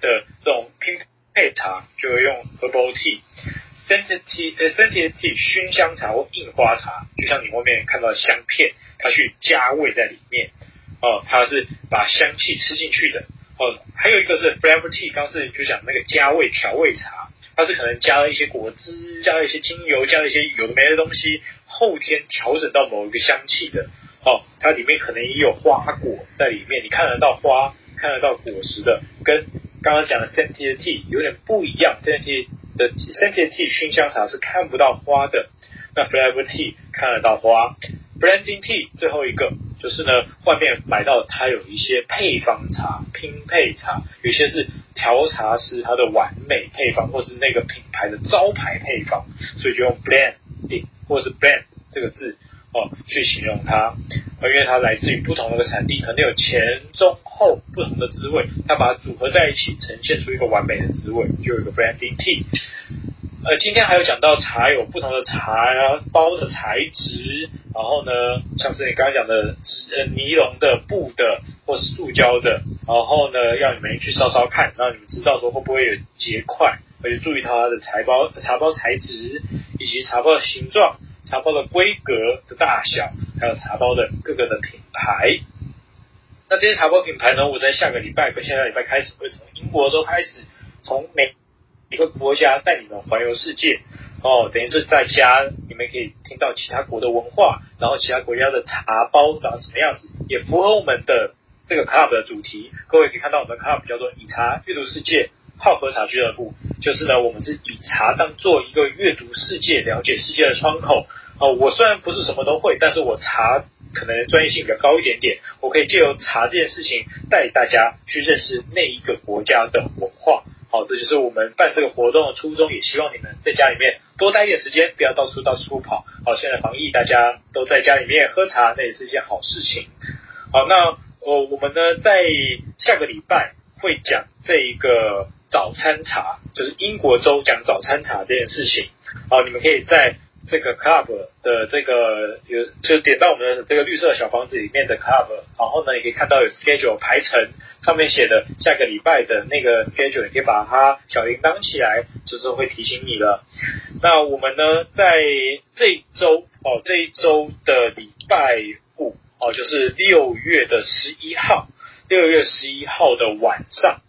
的這種拼配茶，就會用 herbal tea，scented tea，呃，scented tea 燻香茶或印花茶，就像你外面看到的香片，它去加味在裡面，哦，它是把香氣吃進去的，哦，還有一個是 flavor tea，剛才是就講那個加味調味茶。它是可能加了一些果汁，加了一些精油，加了一些有的沒的東西，後天調整到某一個香氣的哦。它裡面可能也有花果在裡面，你看得到花，看得到果實的，跟剛剛講的 c e n t u r tea 有點不一樣。c e n t u r 的 c e n t r tea 燻香茶是看不到花的，那 f r e v e r tea 看得到花 b r e n d i n g tea 最後一個。就是呢，外面買到它有一些配方茶、拼配茶，有些是調茶師它的完美配方，或是那個品牌的招牌配方，所以就用 blend i n g 或是 blend 這個字哦去形容它。哦，因為它來自於不同的產地，可能有前中後不同的滋味，它把它組合在一起，呈現出一個完美的滋味，就有一個 blend in tea。呃，今天還有講到茶有不同的茶包的材質，然後呢，像是你剛剛講的呃尼龍的、布的或是塑膠的，然後呢，要你們去燒燒看，讓你們知道說會不會有結塊，可以注意它的茶包茶包材質以及茶包的形狀、茶包的規格的大小，還有茶包的各個的品牌。那這些茶包品牌呢，我在下個禮拜跟下個禮拜開始會從英國都開始，從美。一個國家帶你們環遊世界，哦，等於是在家你們可以聽到其他國家的文化，然後其他國家的茶包長什麼樣子，也符合我們的這個 club 的主題。各位可以看到，我們 club 叫做以茶閱讀世界泡喝茶俱樂部，就是呢，我們是以茶當做一個閱讀世界、了解世界的窗口。啊、哦，我雖然不是什麼都會，但是我茶可能專業性比較高一點點，我可以借由茶這件事情帶大家去認識那一個國家的文化。好，這就是我們辦這個活動的初衷，也希望你們在家裡面多待一點時間，不要到處到處跑。好，現在防疫大家都在家裡面喝茶，那也是一件好事情。好，那呃，哦，我們呢在下個禮拜會講這一個早餐茶，就是英國周講早餐茶這件事情。好，你們可以在。這個 club 的這個有就點到我們的這個綠色小房子裡面的 club，然後呢，你可以看到有 schedule 排程，上面寫的下個禮拜的那個 schedule，你可以把它小鈴鐺起來，就是會提醒你了。那我們呢，在這一周哦，這一周的禮拜五哦，就是六月的十一號，六月十一號的晚上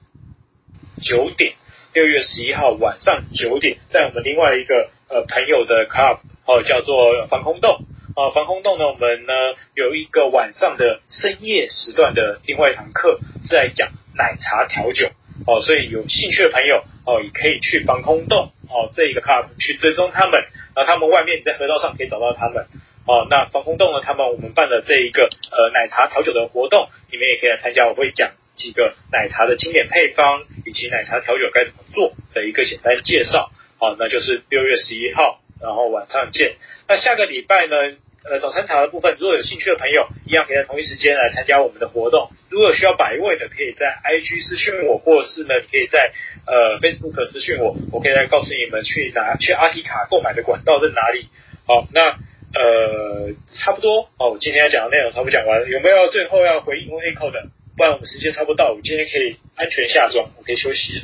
九點，六月十一號晚上九點，在我們另外一個。呃，朋友的 club 哦，叫做防空洞呃、啊、防空洞呢，我們呢有一個晚上的深夜時段的另外一堂課是在講奶茶調酒哦，所以有興趣的朋友哦，也可以去防空洞哦這一個 club 去追蹤他們，然、啊、後他們外面你在河道上可以找到他們哦。那防空洞呢，他們我們辦了這一個呃奶茶調酒的活動，你們也可以來參加。我會講幾個奶茶的經典配方，以及奶茶調酒該怎麼做的一個簡單介紹。好，那就是六月十一號，然後晚上見。那下個禮拜呢？呃，早餐茶的部分，如果有興趣的朋友，一樣可以在同一時間來參加我們的活動。如果有需要百味的，可以在 IG 私訊我，或者是呢可以在呃 Facebook 私訊我，我可以來告訴你們去哪去 RT 卡購買的管道在哪裡。好，那呃差不多，哦，我今天要講的內容差不多講完了。有沒有最後要回應我 Echo 的？不然我們時間差不多到了，我今天可以安全下莊，我可以休息。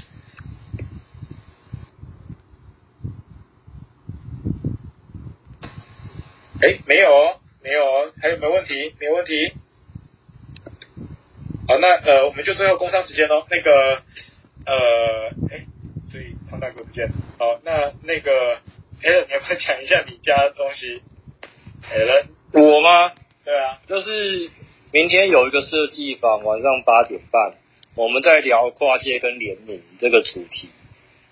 哎，沒有哦，沒有哦，還有沒問題？沒問題。好，那呃，我們就最後工商時間嘍、哦。那個，呃，哎，注意，胖大哥不見。好，那那個，哎，你要不要講一下你家的東西？哎了，我嗎？對啊，就是明天有一個設計坊，晚上八點半，我們在聊跨界跟聯名這個主題。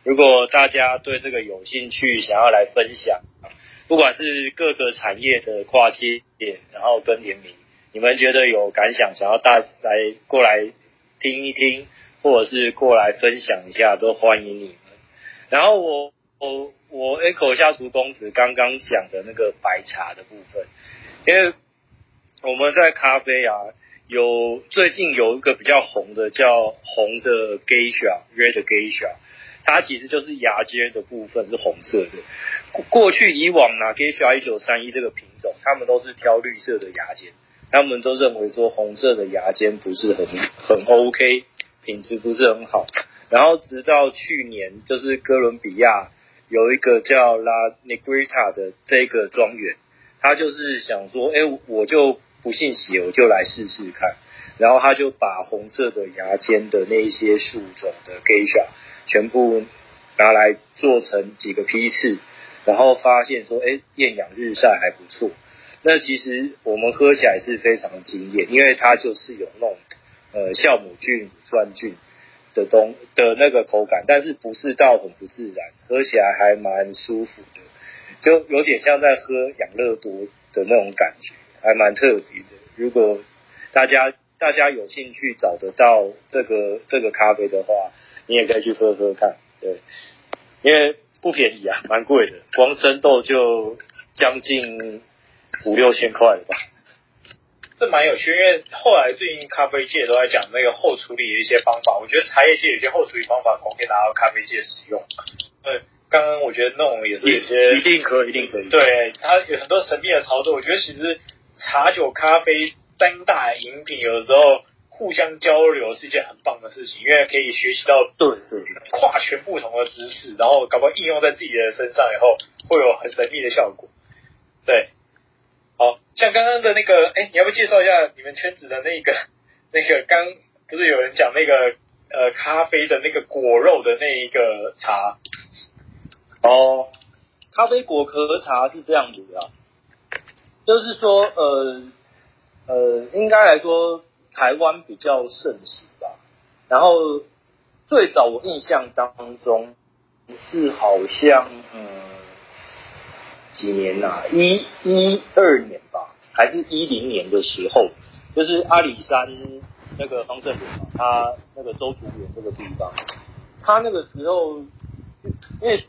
如果大家對這個有興趣，想要來分享。不管是各個產業的跨界點，然後跟聯名，你們覺得有感想，想要大來過來聽一聽，或者是過來分享一下，都歡迎你們。然後我我我 Echo 下荼公子剛剛講的那個白茶的部分，因為我們在咖啡啊，有最近有一個比較紅的叫紅的 Geisha, Red Geisha。它其實就是牙尖的部分是紅色的。過，過去以往拿 Geisha 一九三一這個品種，他們都是挑綠色的牙尖，他們都認為說紅色的牙尖不是很很 OK，品質不是很好。然後直到去年，就是哥倫比亞有一個叫 La Negrita 的這個莊園，他就是想說，哎，我就不信邪，我就來試試看。然後他就把紅色的牙尖的那些樹種的 Geisha。全部拿來做成幾個批次，然後發現說，哎，厭氧日曬還不錯。那其實我們喝起來是非常驚艷，因為它就是有那種呃酵母菌、乳酸菌的東的那個口感，但是不是到很不自然，喝起來還蠻舒服的，就有點像在喝養樂多的那種感覺，還蠻特別的。如果大家大家有興趣找得到這個這個咖啡的話，你也可以去喝，喝喝看，對，因為不便宜啊，蠻貴的，光生豆就將近五六千塊吧。這蠻有趣，因為後來最近咖啡界都在講那個後處理的一些方法，我覺得茶葉界有些後處理方法，我們可以拿到咖啡界使用。對，嗯，剛剛我覺得那種也是有些，一定可以，一定可以。對，它有很多神秘的操作，我覺得其實茶酒咖啡三大飲品有的時候，互相交流是一件很棒的事情，因為可以學習到對對跨全不同的知識，然後搞不好應用在自己的身上以後會有很神秘的效果。對，好像剛剛的那個，哎，你要不介紹一下你們圈子的那個那個剛不、就是有人講那個呃咖啡的那個果肉的那一個茶？哦，咖啡果殼和茶是這樣子的、啊，就是說呃呃，應該來說。台灣比較盛行吧，然後最早我印象當中是好像嗯幾年吶、啊，一一二年吧，還是一零年的時候，就是阿里山那個方正臉，他那個周族臉那個地方，他那個時候，因為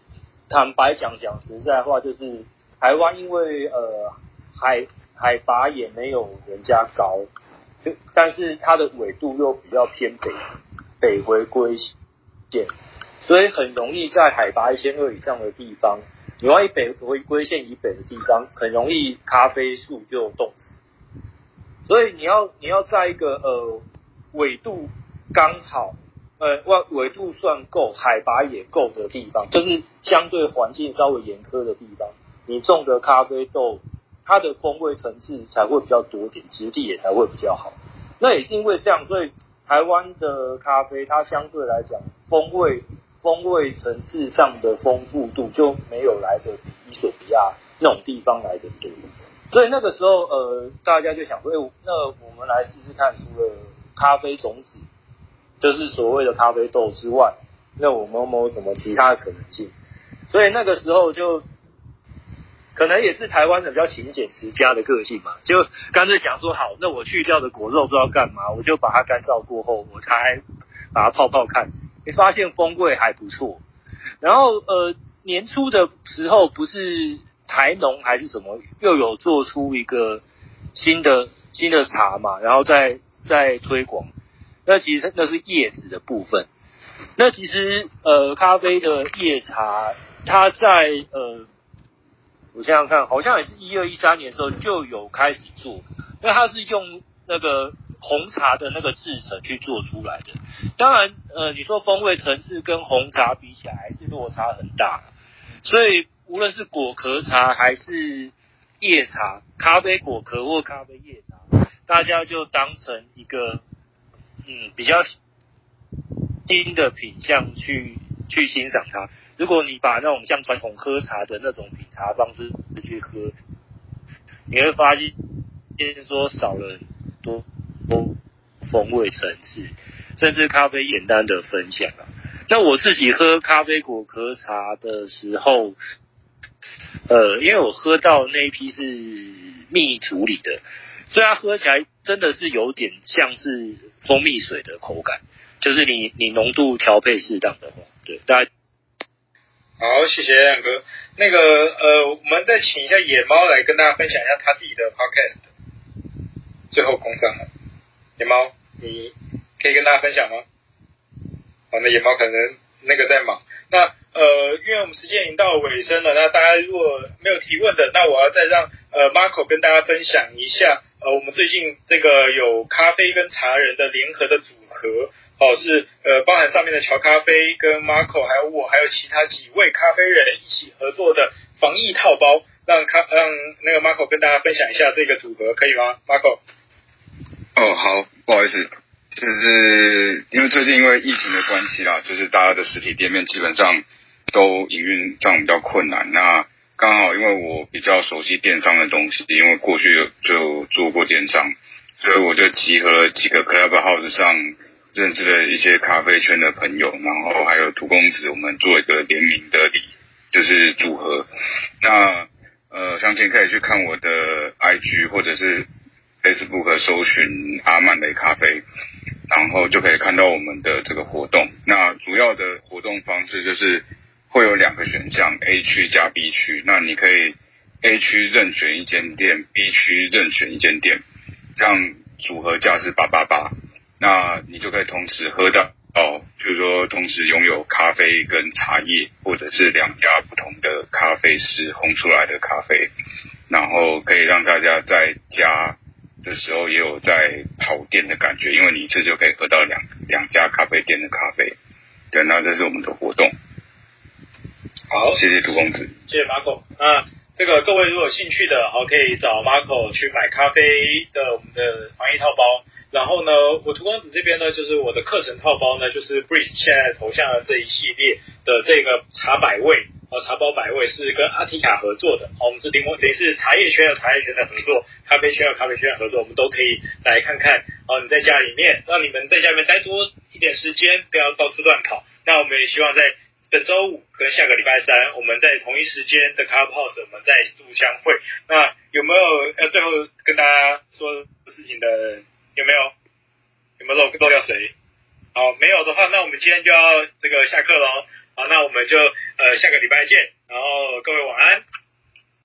坦白講講實在話，就是台灣因為呃海海拔也沒有人家高。但是它的緯度又比較偏北，北回歸線，所以很容易在海拔一千二以上的地方，你萬一北回歸線以北的地方，很容易咖啡樹就凍死。所以你要你要在一個呃緯度剛好呃緯度算夠，海拔也夠的地方，就是相對環境稍微嚴苛的地方，你種的咖啡豆，它的風味層次才會比較多點，質地也才會比較好。那也是因為這樣，所以台灣的咖啡它相對來講風味風味層次上的豐富度就沒有來得比伊索比亞那種地方來得多。所以那個時候，呃，大家就想說，說、欸，那我們來試試看，除了咖啡種子，就是所謂的咖啡豆之外，那我們有沒有什麼其他的可能性？所以那個時候就。可能也是台灣的比較勤儉持家的個性嘛，就乾脆想說好，那我去掉的果肉不知道幹嘛，我就把它乾燥過後，我才把它泡泡看，也發現風味還不錯。然後呃，年初的時候不是台農還是什麼又有做出一個新的新的茶嘛，然後再再推廣。那其實那是葉子的部分。那其實呃，咖啡的葉茶，它在呃。我想想看，好像也是一二一三年的時候就有開始做，因為它是用那個紅茶的那個製成去做出來的。當然，呃，你說風味層次跟紅茶比起來還是落差很大，所以無論是果殼茶還是葉茶，咖啡果殼或咖啡葉茶，大家就當成一個嗯比較新的品項去。去欣賞它。如果你把那種像傳統喝茶的那種品茶方式去喝，你會發現，先說少了很多風風味層次，甚至咖啡簡單的分享啊。那我自己喝咖啡果殼茶的時候，呃，因為我喝到那一批是蜜處理的，所以它喝起來真的是有點像是蜂蜜水的口感，就是你你濃度調配適當的話。大家好，謝謝亮哥。那個呃，我們再請一下野貓來跟大家分享一下他自己的 podcast。最後空場了，野貓，你可以跟大家分享嗎？好，那野貓可能那個在忙。那呃，因為我們時間已經到尾聲了，那大家如果沒有提問的，那我要再讓呃 Marco 跟大家分享一下呃，我們最近這個有咖啡跟茶人的聯合的組合。哦，是呃，包含上面的喬咖啡跟 Marco 還有我，還有其他幾位咖啡人一起合作的防疫套包，讓咖讓那個 Marco 跟大家分享一下這個組合可以嗎？Marco 哦，好，不好意思，就是因為最近因為疫情的關係啦，就是大家的實體店面基本上都營運這樣比較困難啊。那剛好因為我比較熟悉電商的東西，因為過去就做過電商，所以我就集合了幾個 Clubhouse 上，認識的一些咖啡圈的朋友，然後還有荼公子，我們做一個聯名的禮，就是組合。那呃，詳情可以去看我的 IG 或者是 Facebook 搜尋阿曼雷咖啡，然後就可以看到我們的這個活動。那主要的活動方式就是會有兩個選項：A 區加 B 區。那你可以 A 區任選一間店，B 區任選一間店，這樣組合價是八八八。那你就可以同時喝到哦，就是說同時擁有咖啡跟茶葉，或者是兩家不同的咖啡師烘出來的咖啡，然後可以讓大家在家的時候也有在跑店的感覺，因為你一次就可以喝到兩兩家咖啡店的咖啡。對，那這是我們的活動。好，謝謝荼公子。謝謝馬狗，啊。這個各位如果有興趣的，好，可以找 Marco 去買咖啡的我們的防疫套包。然後呢，我荼公子這邊呢，就是我的課程套包呢，就是 Breeze 現在頭像的這一系列的這個茶百味，哦，茶包百味是跟阿提卡合作的。哦，我們是零，等於是茶葉圈的茶葉圈的合作，咖啡圈的咖啡圈的合作，我們都可以來看看。哦，你在家裡面，讓你們在家裡面待多一點時間，不要到處亂跑。那我們也希望在。本週五跟下個禮拜三，我們在同一時間的 Clubhouse，我們再度相會。那有沒有要最後跟大家說事情的？有沒有？有沒有漏漏掉誰？好，沒有的話，那我們今天就要這個下課嘍。好，那我們就呃下個禮拜見，然後各位晚安。